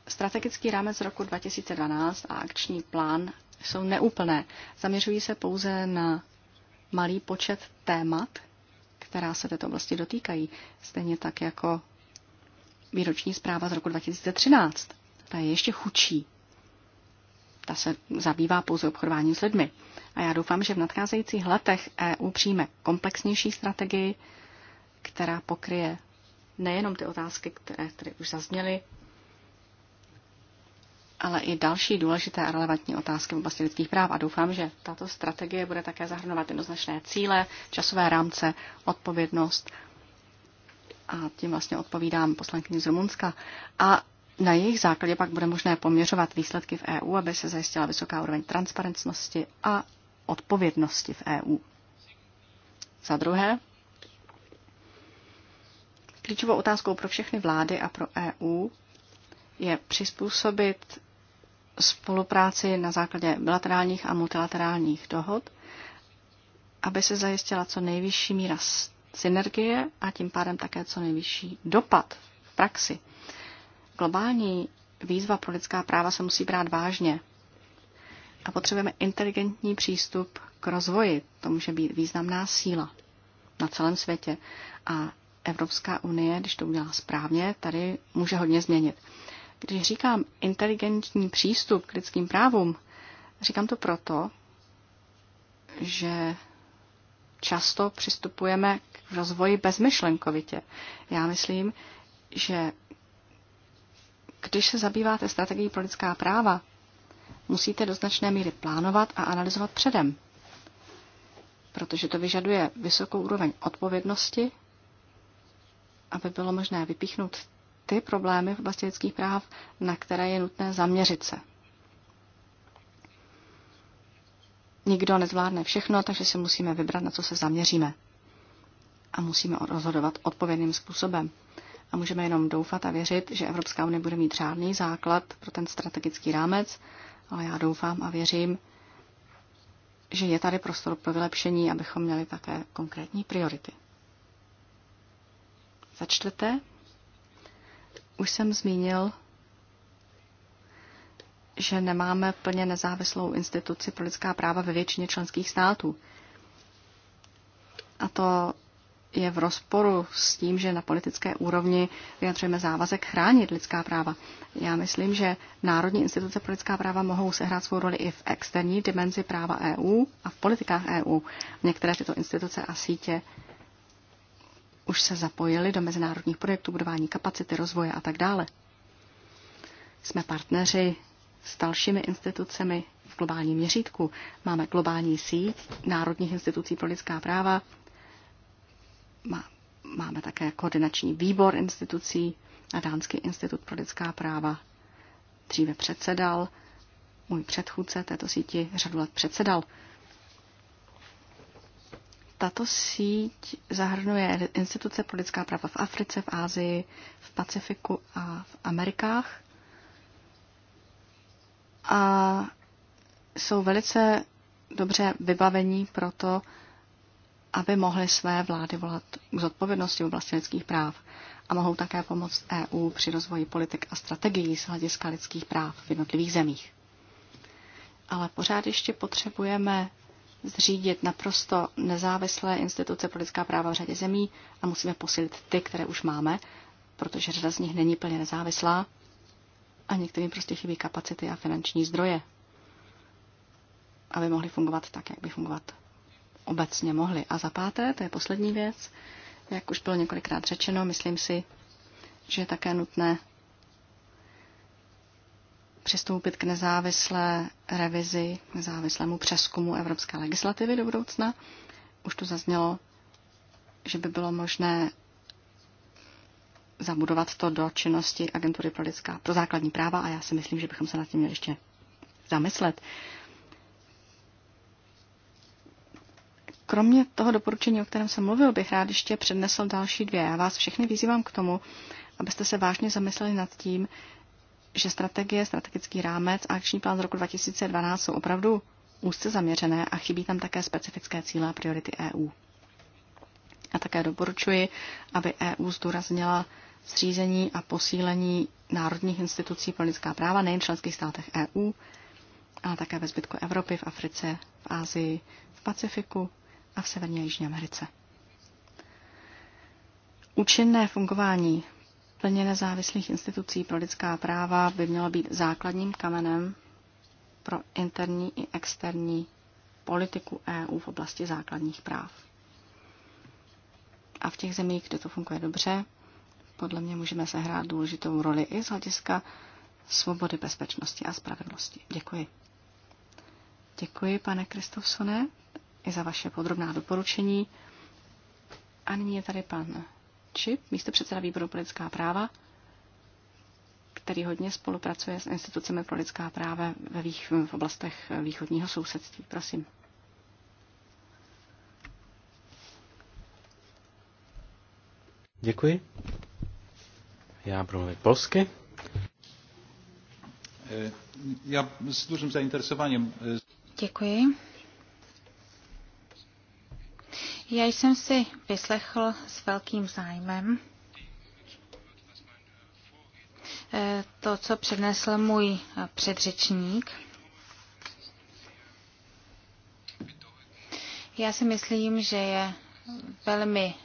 strategický rámec z roku 2012 a akční plán jsou neúplné. Zaměřují se pouze na malý počet témat, která se této oblasti dotýkají, stejně tak jako výroční zpráva z roku 2013. Ta je ještě chudší. Ta se zabývá pouze obchodováním s lidmi. A já doufám, že v nadcházejících letech EU přijme komplexnější strategii, která pokryje nejenom ty otázky, které tady už zazněly, ale i další důležité a relevantní otázky v oblasti lidských práv. A doufám, že tato strategie bude také zahrnovat jednoznačné cíle, časové rámce, odpovědnost. A tím vlastně odpovídám poslankyni z Rumunska. A na jejich základě pak bude možné poměřovat výsledky v EU, aby se zajistila vysoká úroveň transparentnosti a odpovědnosti v EU. Za druhé, klíčovou otázkou pro všechny vlády a pro EU je přizpůsobit spolupráci na základě bilaterálních a multilaterálních dohod, aby se zajistila co nejvyšší míra synergie a tím pádem také co nejvyšší dopad v praxi. Globální výzva pro lidská práva se musí brát vážně a potřebujeme inteligentní přístup k rozvoji. To může být významná síla na celém světě. A Evropská unie, když to udělá správně, tady může hodně změnit. Když říkám inteligentní přístup k lidským právům, říkám to proto, že často přistupujeme k rozvoji bezmyšlenkovitě. Já myslím, že když se zabýváte strategií pro lidská práva, musíte do značné míry plánovat a analyzovat předem, protože to vyžaduje vysokou úroveň odpovědnosti, aby bylo možné vypíchnout ty problémy v oblasti lidských práv, na které je nutné zaměřit se. Nikdo nezvládne všechno, takže si musíme vybrat, na co se zaměříme. A musíme rozhodovat odpovědným způsobem. A můžeme jenom doufat a věřit, že Evropská unie bude mít řádný základ pro ten strategický rámec ale já doufám a věřím, že je tady prostor pro vylepšení, abychom měli také konkrétní priority. Za čtvrté, už jsem zmínil, že nemáme plně nezávislou instituci pro lidská práva ve většině členských států. A to je v rozporu s tím, že na politické úrovni vyjadřujeme závazek chránit lidská práva. Já myslím, že Národní instituce pro lidská práva mohou sehrát svou roli i v externí dimenzi práva EU a v politikách EU. Některé tyto instituce a sítě už se zapojily do mezinárodních projektů, budování kapacity, rozvoje a tak dále. Jsme partneři s dalšími institucemi v globálním měřítku. Máme globální síť národních institucí pro lidská práva, Máme také koordinační výbor institucí a Dánský institut pro lidská práva dříve předsedal. Můj předchůdce této síti řadu let předsedal. Tato síť zahrnuje instituce pro lidská práva v Africe, v Ázii, v Pacifiku a v Amerikách. A jsou velice dobře vybavení pro to, aby mohly své vlády volat k zodpovědnosti v oblasti lidských práv a mohou také pomoct EU při rozvoji politik a strategií z hlediska lidských práv v jednotlivých zemích. Ale pořád ještě potřebujeme zřídit naprosto nezávislé instituce pro lidská práva v řadě zemí a musíme posílit ty, které už máme, protože řada z nich není plně nezávislá a některým prostě chybí kapacity a finanční zdroje, aby mohly fungovat tak, jak by fungovat obecně mohli. A za páté, to je poslední věc, jak už bylo několikrát řečeno, myslím si, že je také nutné přistoupit k nezávislé revizi, k nezávislému přeskumu evropské legislativy do budoucna. Už tu zaznělo, že by bylo možné zabudovat to do činnosti Agentury pro lidská, pro základní práva a já si myslím, že bychom se nad tím měli ještě zamyslet. Kromě toho doporučení, o kterém jsem mluvil, bych rád ještě přednesl další dvě. Já vás všechny vyzývám k tomu, abyste se vážně zamysleli nad tím, že strategie, strategický rámec a akční plán z roku 2012 jsou opravdu úzce zaměřené a chybí tam také specifické cíle a priority EU. A také doporučuji, aby EU zdůraznila zřízení a posílení národních institucí pro lidská práva nejen v členských státech EU, ale také ve zbytku Evropy, v Africe, v Asii, v Pacifiku a v Severní a Jižní Americe. Účinné fungování plně nezávislých institucí pro lidská práva by mělo být základním kamenem pro interní i externí politiku EU v oblasti základních práv. A v těch zemích, kde to funguje dobře, podle mě můžeme sehrát důležitou roli i z hlediska svobody, bezpečnosti a spravedlnosti. Děkuji. Děkuji, pane Kristofsone i za vaše podrobná doporučení. A nyní je tady pan Čip, místo předseda výboru pro lidská práva, který hodně spolupracuje s institucemi pro lidská práva ve vých, v oblastech východního sousedství. Prosím. Děkuji. Já budu mluvit polsky. Eh, já s dužím zainteresováním. Eh, Děkuji. Já jsem si vyslechl s velkým zájmem eh, to, co přednesl můj předřečník. Já si myslím, že je velmi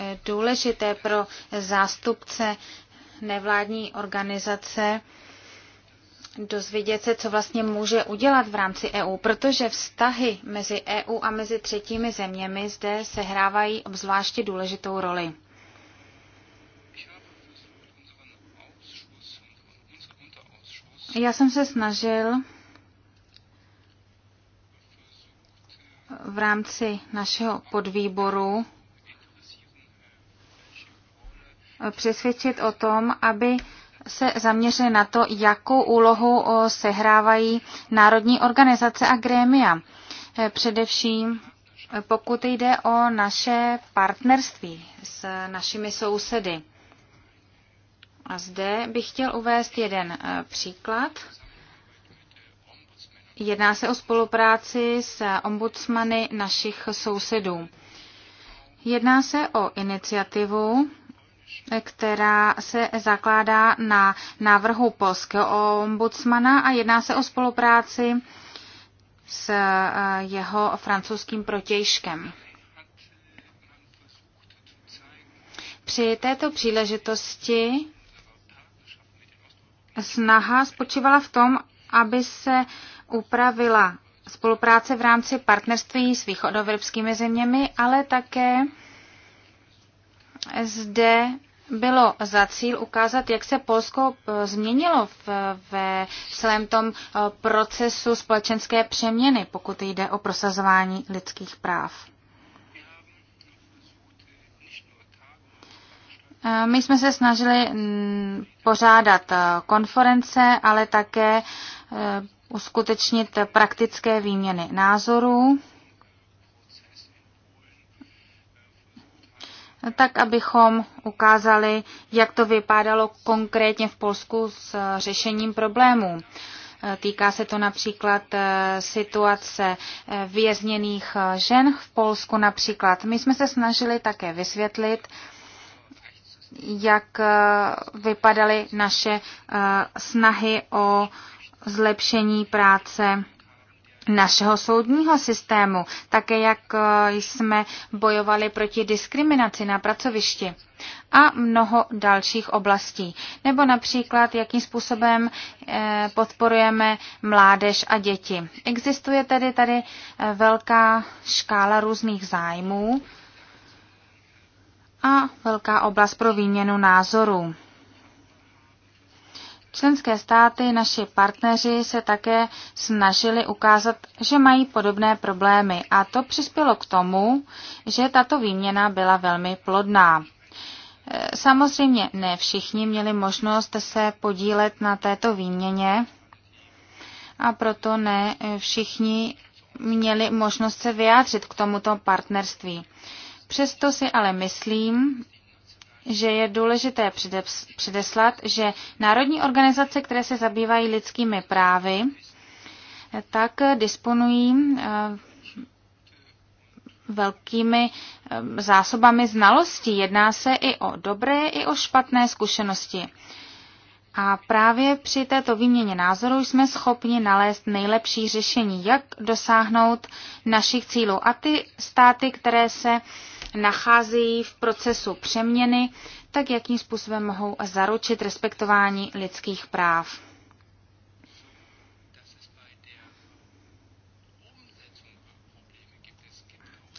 eh, důležité pro zástupce nevládní organizace dozvědět se, co vlastně může udělat v rámci EU, protože vztahy mezi EU a mezi třetími zeměmi zde sehrávají obzvláště důležitou roli. Já jsem se snažil v rámci našeho podvýboru přesvědčit o tom, aby se zaměřili na to, jakou úlohu sehrávají národní organizace a grémia. E, především e, pokud jde o naše partnerství s našimi sousedy. A zde bych chtěl uvést jeden e, příklad. Jedná se o spolupráci s ombudsmany našich sousedů. Jedná se o iniciativu, která se zakládá na návrhu polského ombudsmana a jedná se o spolupráci s eh, jeho francouzským protějškem. Při této příležitosti snaha spočívala v tom, aby se upravila spolupráce v rámci partnerství s východoevropskými zeměmi, ale také zde bylo za cíl ukázat, jak se Polsko eh, změnilo ve celém tom eh, procesu společenské přeměny, pokud jde o prosazování lidských práv. Eh, my jsme se snažili mm, pořádat konference, ale také uskutečnit praktické výměny názorů. tak abychom ukázali, jak to vypadalo konkrétně v Polsku s řešením problémů. Týká se to například eh, situace eh, vězněných eh, žen v Polsku například. My jsme se snažili také vysvětlit, jak vypadaly naše snahy o zlepšení práce našeho soudního systému, také jak eh, jsme bojovali proti diskriminaci na pracovišti a mnoho dalších oblastí. Nebo například, jakým způsobem eh, podporujeme mládež a děti. Existuje tedy tady eh, velká škála různých zájmů a velká oblast pro výměnu názorů. Členské státy, naši partneři se také snažili ukázat, že mají podobné problémy a to přispělo k tomu, že tato výměna byla velmi plodná. E, samozřejmě ne všichni měli možnost se podílet na této výměně a proto ne všichni měli možnost se vyjádřit k tomuto partnerství. Přesto si ale myslím, že je důležité předeslat, že národní organizace, které se zabývají lidskými právy, tak disponují eh, velkými eh, zásobami znalostí. Jedná se i o dobré, i o špatné zkušenosti. A právě při této výměně názorů jsme schopni nalézt nejlepší řešení, jak dosáhnout našich cílů. A ty státy, které se uh, nacházejí v procesu přeměny, tak jakým způsobem mohou zaručit respektování lidských práv.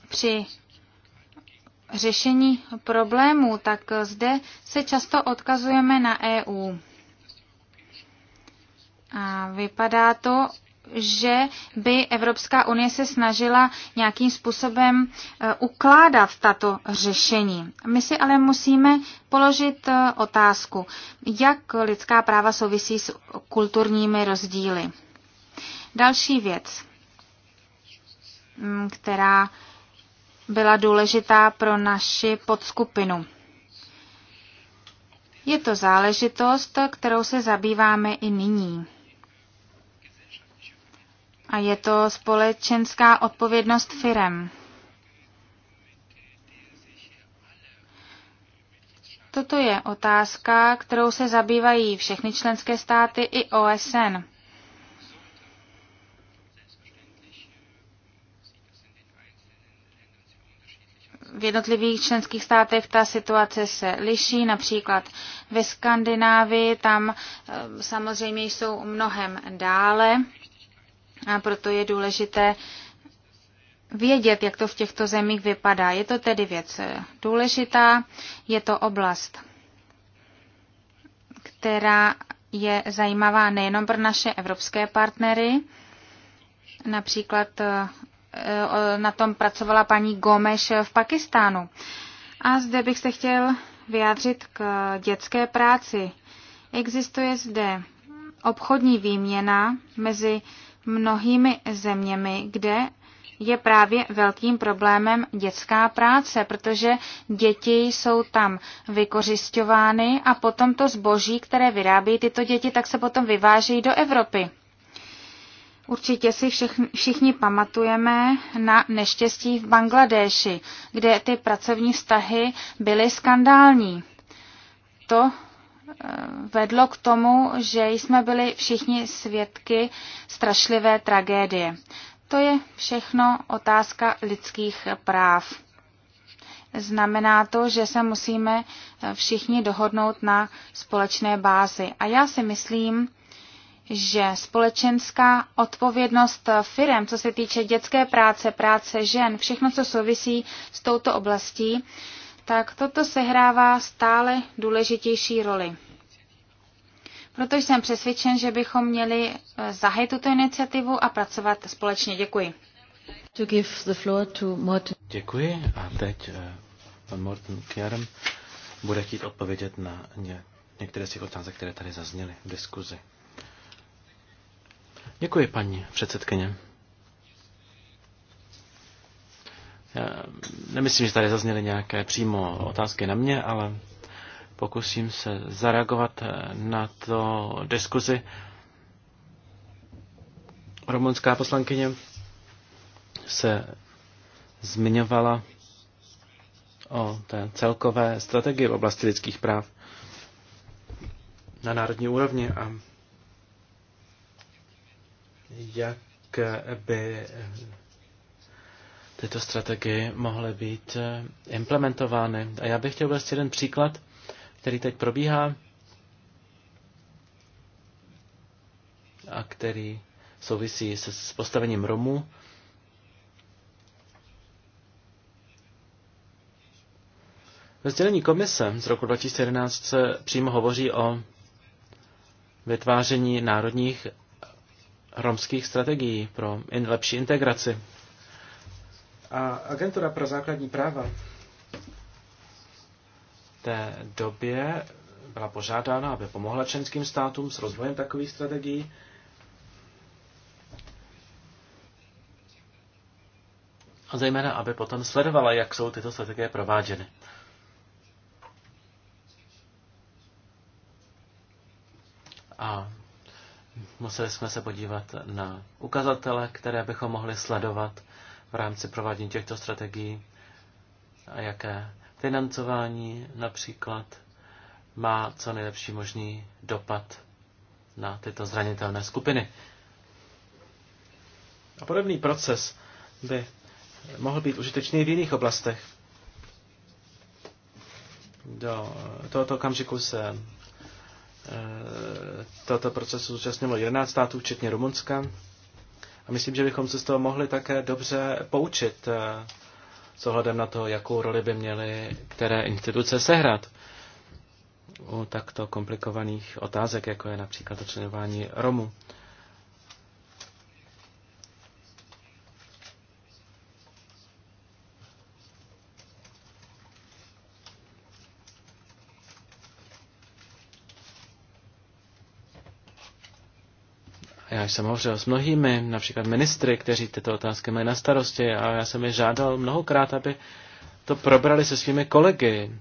Při řešení problémů, tak zde se často odkazujeme na EU. A vypadá to, že by Evropská unie se snažila nějakým způsobem eh, ukládat tato řešení. My si ale musíme položit eh, otázku, jak lidská práva souvisí s kulturními rozdíly. Další věc, mm, která byla důležitá pro naši podskupinu. Je to záležitost, kterou se zabýváme i nyní. A je to společenská odpovědnost firem. Toto je otázka, kterou se zabývají všechny členské státy i OSN. v jednotlivých členských státech ta situace se liší, například ve Skandinávii, tam eh, samozřejmě jsou mnohem dále a proto je důležité vědět, jak to v těchto zemích vypadá. Je to tedy věc eh, důležitá, je to oblast, která je zajímavá nejenom pro naše evropské partnery, například eh, na tom pracovala paní Gomeš v Pakistánu. A zde bych se chtěl vyjádřit k dětské práci. Existuje zde obchodní výměna mezi mnohými zeměmi, kde je právě velkým problémem dětská práce, protože děti jsou tam vykořišťovány a potom to zboží, které vyrábí tyto děti, tak se potom vyváží do Evropy. Určitě si všichni pamatujeme na neštěstí v Bangladéši, kde ty pracovní vztahy byly skandální. To vedlo k tomu, že jsme byli všichni svědky strašlivé tragédie. To je všechno otázka lidských práv. Znamená to, že se musíme všichni dohodnout na společné bázi. A já si myslím, že společenská odpovědnost firem, co se týče dětské práce, práce žen, všechno, co souvisí s touto oblastí, tak toto sehrává stále důležitější roli. Proto jsem přesvědčen, že bychom měli eh, zahájit tuto iniciativu a pracovat společně. Děkuji. To give the floor to Morten. Děkuji a teď eh, pan Morten Kjarm bude chtít odpovědět na ně, některé z těch otázek, které tady zazněly v diskuzi. Děkuji, paní předsedkyně. Nemyslím, že tady zazněly nějaké přímo otázky na mě, ale pokusím se zareagovat eh, na to diskuzi. Romunská poslankyně se zmiňovala o té celkové strategii v oblasti lidských práv na národní úrovni a jak by tyto strategie mohly být eh, implementovány. A já bych chtěl uvést jeden příklad, který teď probíhá a který souvisí se, s postavením Romů. Ve sdělení komise z roku 2011 se přímo hovoří o vytváření národních romských strategií pro lepší integraci a agentura pro základní práva v té době byla požádána, aby pomohla členským státům s rozvojem takových strategií. A zejména, aby potom sledovala, jak jsou tyto strategie prováděny. A museli jsme se podívat na ukazatele, které bychom mohli sledovat v rámci provádění těchto strategií a jaké financování například má co nejlepší možný dopad na tyto zranitelné skupiny. A podobný proces by mohl být užitečný v jiných oblastech. Do tohoto okamžiku se e, eh, tohoto procesu zúčastnilo 11 států, včetně Rumunska. A myslím, že bychom se z toho mohli také dobře poučit eh, s ohledem na to, jakou roli by měly které instituce sehrát u takto komplikovaných otázek, jako je například očlenování Romů. Já jsem hovořil s mnohými, například ministry, kteří tyto otázky mají na starosti a já jsem je žádal mnohokrát, aby to probrali se svými kolegy.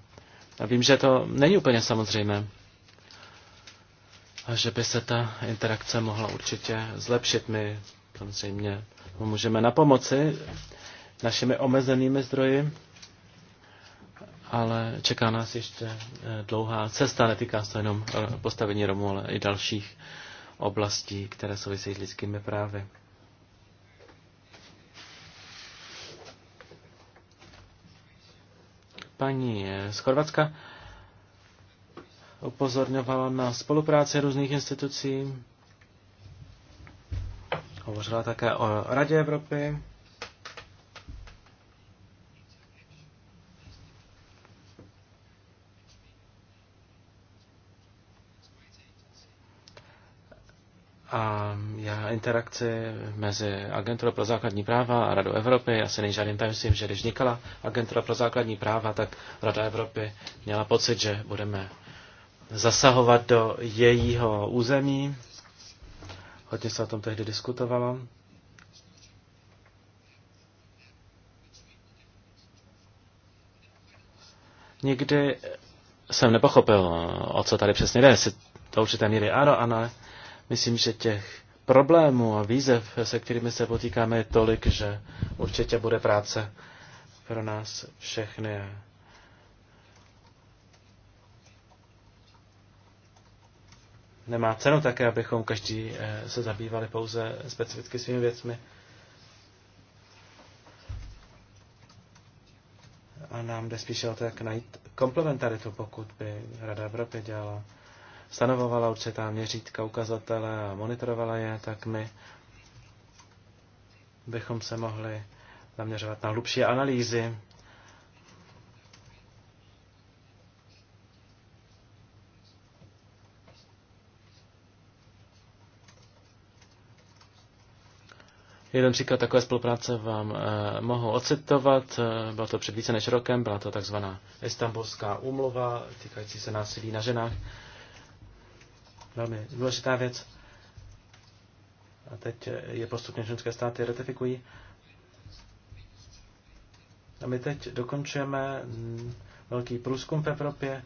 A vím, že to není úplně samozřejmé. A že by se ta interakce mohla určitě zlepšit. My samozřejmě můžeme na pomoci našimi omezenými zdroji, ale čeká nás ještě eh, dlouhá cesta, netýká se jenom eh, postavení Romu, ale i dalších oblastí, které souvisejí s lidskými právy. Paní eh, z Chorvatska upozorňovala na spolupráci různých institucí, hovořila také o Radě Evropy, a já interakci mezi Agenturou pro základní práva a Radou Evropy, já se není tajemstvím, že když vznikala Agentura pro základní práva, tak Rada Evropy měla pocit, že budeme zasahovat do jejího území. Hodně se o tom tehdy diskutovalo. Nikdy jsem nepochopil, o co tady přesně jde, jestli to určité míry ano, ano, Myslím, že těch problémů a výzev, se kterými se potýkáme, je tolik, že určitě bude práce pro nás všechny. Nemá cenu také, abychom každý eh, se zabývali pouze specificky svými věcmi. A nám jde spíše o to, jak najít komplementaritu, pokud by Rada Evropy dělala stanovovala určitá měřítka, ukazatele a monitorovala je, tak my bychom se mohli zaměřovat na hlubší analýzy. Jeden příklad takové spolupráce vám eh, mohu ocitovat. Eh, bylo to před více než rokem, byla to takzvaná Istanbulská úmluva týkající se násilí na ženách. Eh, velmi důležitá věc. A teď eh, je postupně členské státy ratifikují. A my teď dokončujeme mm, velký průzkum v Evropě.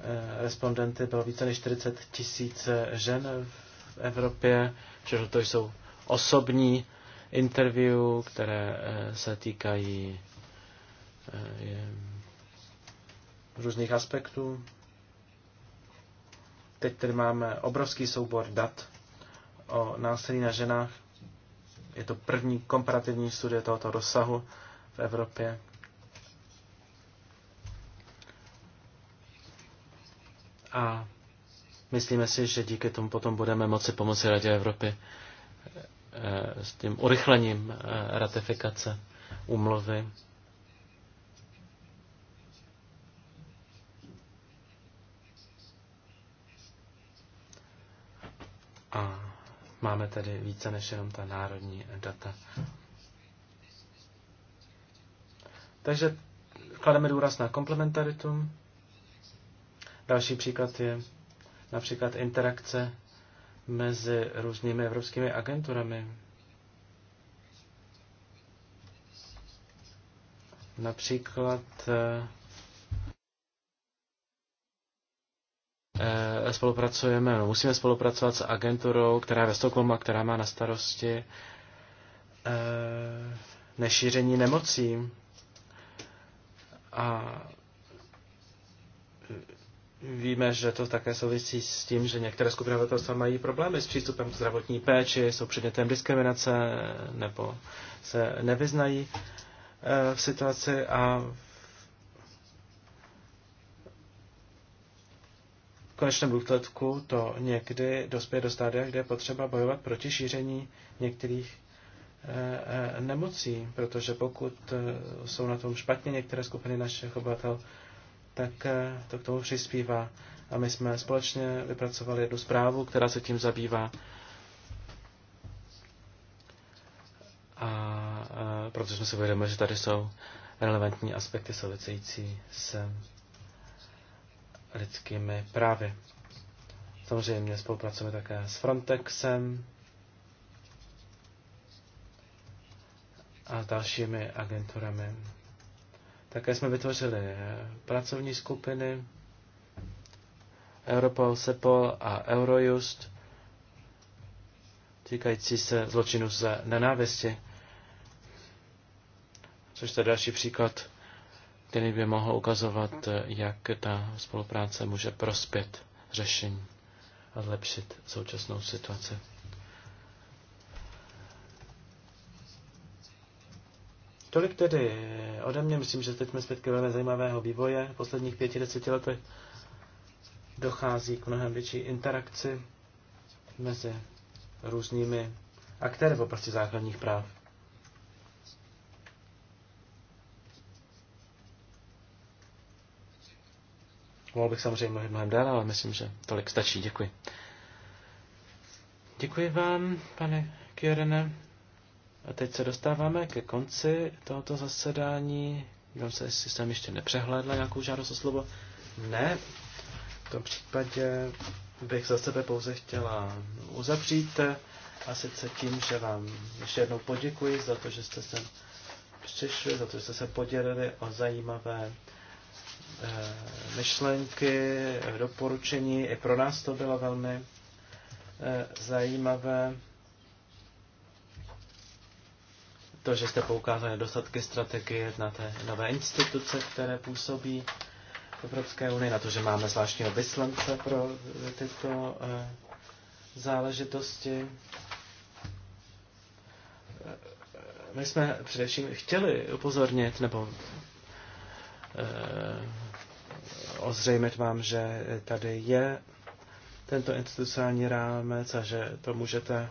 Eh, respondenty bylo více než 40 tisíc eh, žen v Evropě, čili to jsou osobní interview, které se týkají různých aspektů. Teď tady máme obrovský soubor dat o násilí na ženách. Je to první komparativní studie tohoto rozsahu v Evropě. A myslíme si, že díky tomu potom budeme moci pomoci Radě Evropy eh, s tím urychlením eh, ratifikace úmluvy A máme tedy více než jenom ta národní data. Takže klademe důraz na komplementaritu. Další příklad je například interakce mezi různými evropskými agenturami. Například eh, Eh, spolupracujeme, no, musíme spolupracovat s agenturou, která je ve Stockholmu a která má na starosti eh, nešíření nemocí. A eh, víme, že to také souvisí s tím, že některé skupiny obyvatelstva mají problémy s přístupem k zdravotní péči, jsou předmětem diskriminace nebo se nevyznají v situaci a V konečném důsledku to někdy dospěje do stádia, kde je potřeba bojovat proti šíření některých eh, eh, nemocí, protože pokud eh, jsou na tom špatně některé skupiny našich obyvatel, tak to k tomu přispívá. A my jsme společně vypracovali jednu zprávu, která se tím zabývá. A protože jsme si uvědomili, že tady jsou relevantní aspekty související s lidskými právy. Samozřejmě spolupracujeme také s Frontexem a dalšími agenturami. Také jsme vytvořili pracovní skupiny Europol, Sepol a Eurojust týkající se zločinu ze nenávisti. Což je další příklad který by mohl ukazovat, jak ta spolupráce může prospět řešení a zlepšit současnou situaci. Tolik tedy ode mě. Myslím, že teď jsme svědky velmi zajímavého vývoje. V posledních pěti, deseti letech dochází k mnohem větší interakci mezi různými aktéry v oblasti základních práv. Mohl bych samozřejmě mluvit mnohem dál, ale myslím, že tolik stačí. Děkuji. Děkuji vám, pane Kierene. A teď se dostáváme ke konci tohoto zasedání. Dívám se, jestli jsem ještě nepřehlédla nějakou žádost o slovo. Ne. V tom případě bych za sebe pouze chtěla uzavřít a sice tím, že vám ještě jednou poděkuji za to, že jste sem přišli, za to, že jste se podělili o zajímavé Eh, myšlenky, doporučení. I pro nás to bylo velmi eh, zajímavé. To, že jste poukázali na dostatky strategie na té nové instituce, které působí v Evropské unii, na to, že máme zvláštního vyslance pro eh, tyto záležitosti. My jsme především chtěli upozornit, nebo ozřejmit vám, že tady je tento institucionální rámec a že to můžete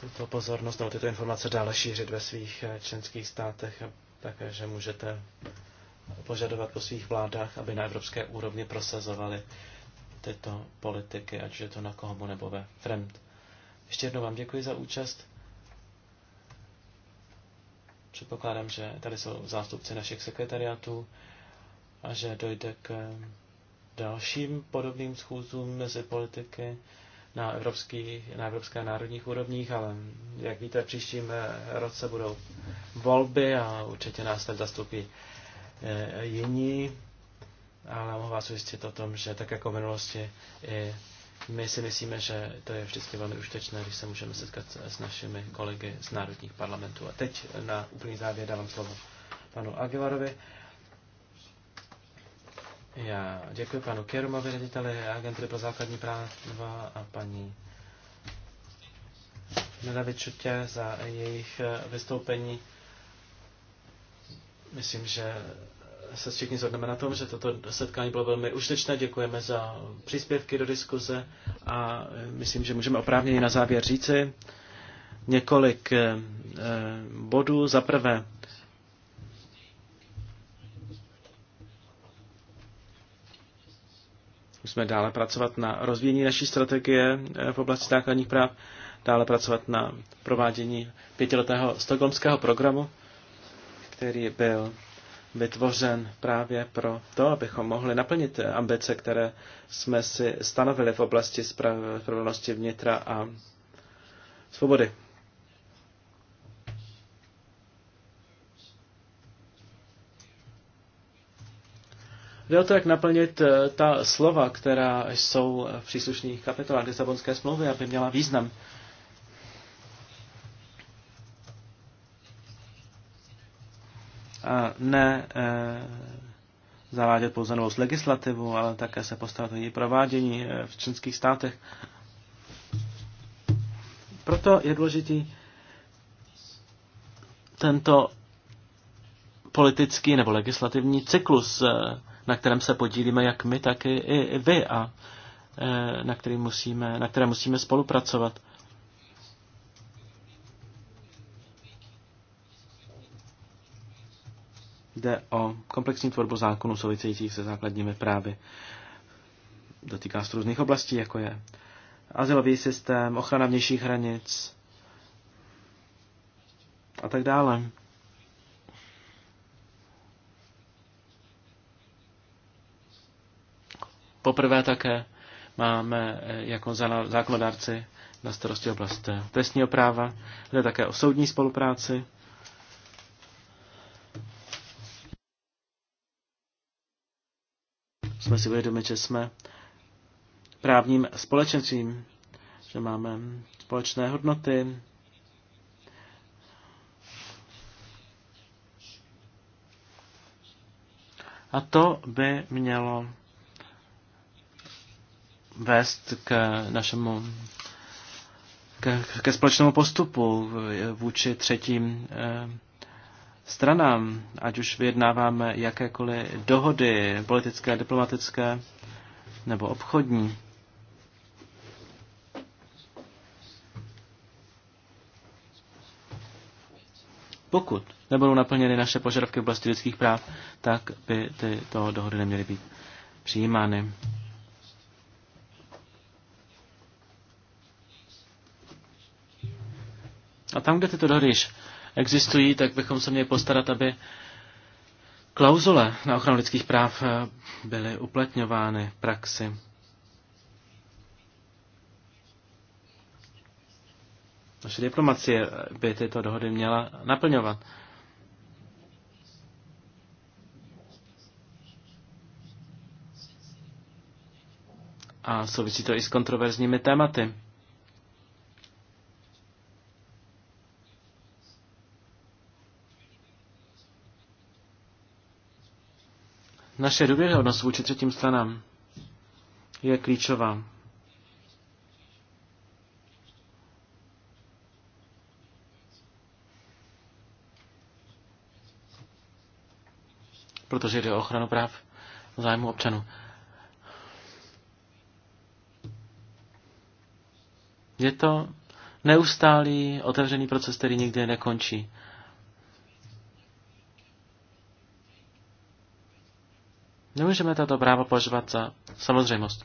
tuto pozornost nebo tyto informace dále šířit ve svých eh, členských státech a také, že můžete požadovat po svých vládách, aby na evropské úrovni prosazovali tyto politiky, ať je to na Kohomu nebo ve Fremd. Ještě jednou vám děkuji za účast. Předpokládám, že tady jsou zástupci našich sekretariátů a že dojde k dalším podobným schůzům mezi politiky na, evropský, na evropské národních úrovních, ale jak víte, příštím roce budou volby a určitě nás tak zastupí e, jiní, ale mohu vás ujistit o tom, že tak jako v minulosti i my si myslíme, že to je vždycky velmi užitečné, když se můžeme setkat s našimi kolegy z národních parlamentů. A teď na úplný závěr dávám slovo panu Aguilarovi. Já děkuji panu Kerumovi, řediteli agentury pro základní práva a paní Milavičutě za jejich eh, vystoupení. Myslím, že se všichni zhodneme na tom, že toto setkání bylo velmi užitečné. Děkujeme za příspěvky do diskuze a eh, myslím, že můžeme oprávněně na závěr říci několik eh, bodů. Za prvé, Musíme dále pracovat na rozvíjení naší strategie eh, v oblasti základních práv, dále pracovat na provádění pětiletého stokholmského programu, který byl vytvořen právě pro to, abychom mohli naplnit eh, ambice, které jsme si stanovili v oblasti spravedlnosti vnitra a svobody. Jde o to, jak naplnit eh, ta slova, která jsou v příslušných kapitolách Lisabonské smlouvy, aby měla význam. A ne e, zavádět pouze novou legislativu, ale také se postavit její provádění eh, v členských státech. Proto je důležitý tento politický nebo legislativní cyklus e, na kterém se podílíme jak my, tak i, i vy a e, na, který musíme, na které musíme spolupracovat. Jde o komplexní tvorbu zákonů souvisejících se základními právy. Dotýká se různých oblastí, jako je azylový systém, ochrana vnějších hranic a tak dále. Poprvé také máme eh, jako zákonodárci na starosti oblast eh, trestního práva, jde také o soudní spolupráci. Jsme si vědomi, že jsme právním společenstvím, že máme společné hodnoty, A to by mělo vést k našemu ke, ke společnému postupu vůči třetím eh, stranám, ať už vyjednáváme jakékoliv dohody politické, diplomatické nebo obchodní. Pokud nebudou naplněny naše požadavky v oblasti lidských práv, tak by tyto dohody neměly být přijímány. A tam, kde tyto dohody již existují, tak bychom se měli postarat, aby klauzule na ochranu lidských práv eh, byly uplatňovány v praxi. Naše diplomacie by tyto dohody měla naplňovat. A souvisí to i s kontroverzními tématy. Naše důvěryhodnost vůči třetím stranám je klíčová. Protože jde o ochranu práv zájmu občanů. Je to neustálý otevřený proces, který nikdy nekončí. Nemůžeme tato práva považovat za samozřejmost.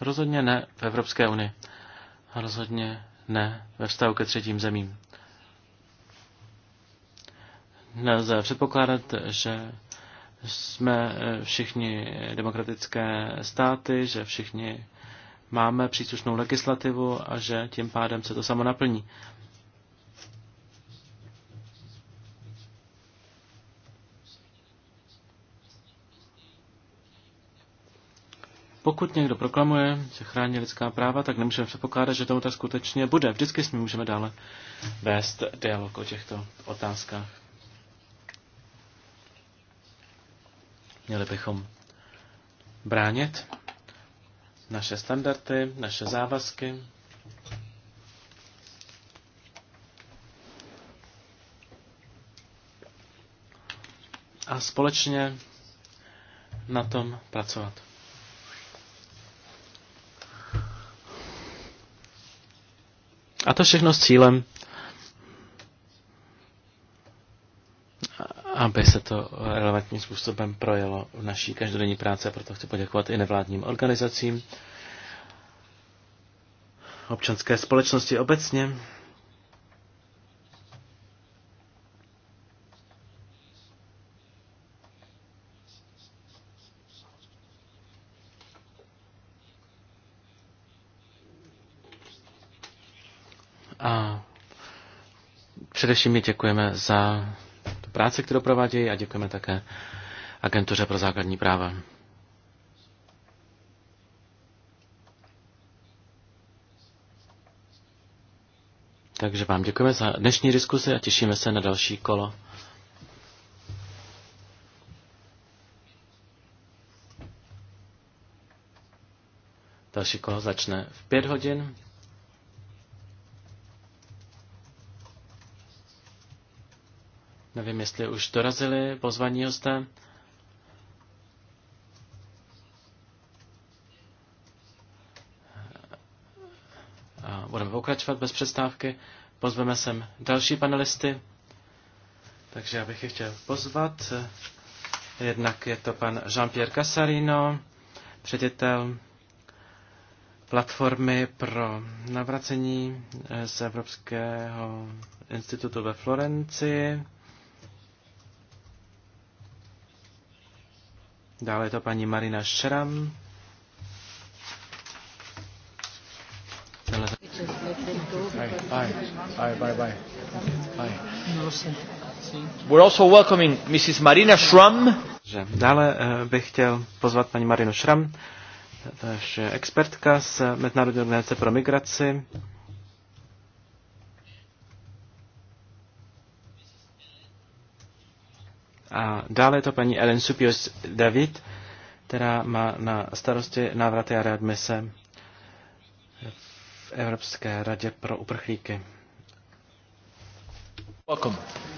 Rozhodně ne v Evropské unii. A rozhodně ne ve vztahu ke třetím zemím. Nelze předpokládat, že jsme eh, všichni demokratické státy, že všichni máme příslušnou legislativu a že tím pádem se to samo naplní. Pokud někdo proklamuje, že chrání lidská práva, tak nemůžeme předpokládat, že tomu tak skutečně bude. Vždycky s ním můžeme dále vést dialog o těchto otázkách. Měli bychom bránit naše standardy, naše závazky. A společně na tom pracovat. A to všechno s cílem, aby se to relevantním způsobem projelo v naší každodenní práci, a proto chci poděkovat i nevládním organizacím, občanské společnosti obecně, Především mi děkujeme za tu práci, kterou provádějí a děkujeme také Agentuře pro základní práva. Takže vám děkujeme za dnešní diskuzi a těšíme se na další kolo. Další kolo začne v pět hodin. Nevím, jestli už dorazili pozvaní hosté. A budeme pokračovat bez přestávky. Pozveme sem další panelisty. Takže já bych je chtěl pozvat. Jednak je to pan Jean-Pierre Casarino, ředitel platformy pro navracení z Evropského institutu ve Florencii. Dále je to paní Marina Šram. We're also welcoming Mrs. Marina Schramm. Dále eh, bych chtěl pozvat paní Marinu Schramm, to je expertka z Mezinárodní organizace pro migraci. A dále je to paní Ellen Supios David, která má na starosti návraty a readmise v Evropské radě pro uprchlíky. Welcome.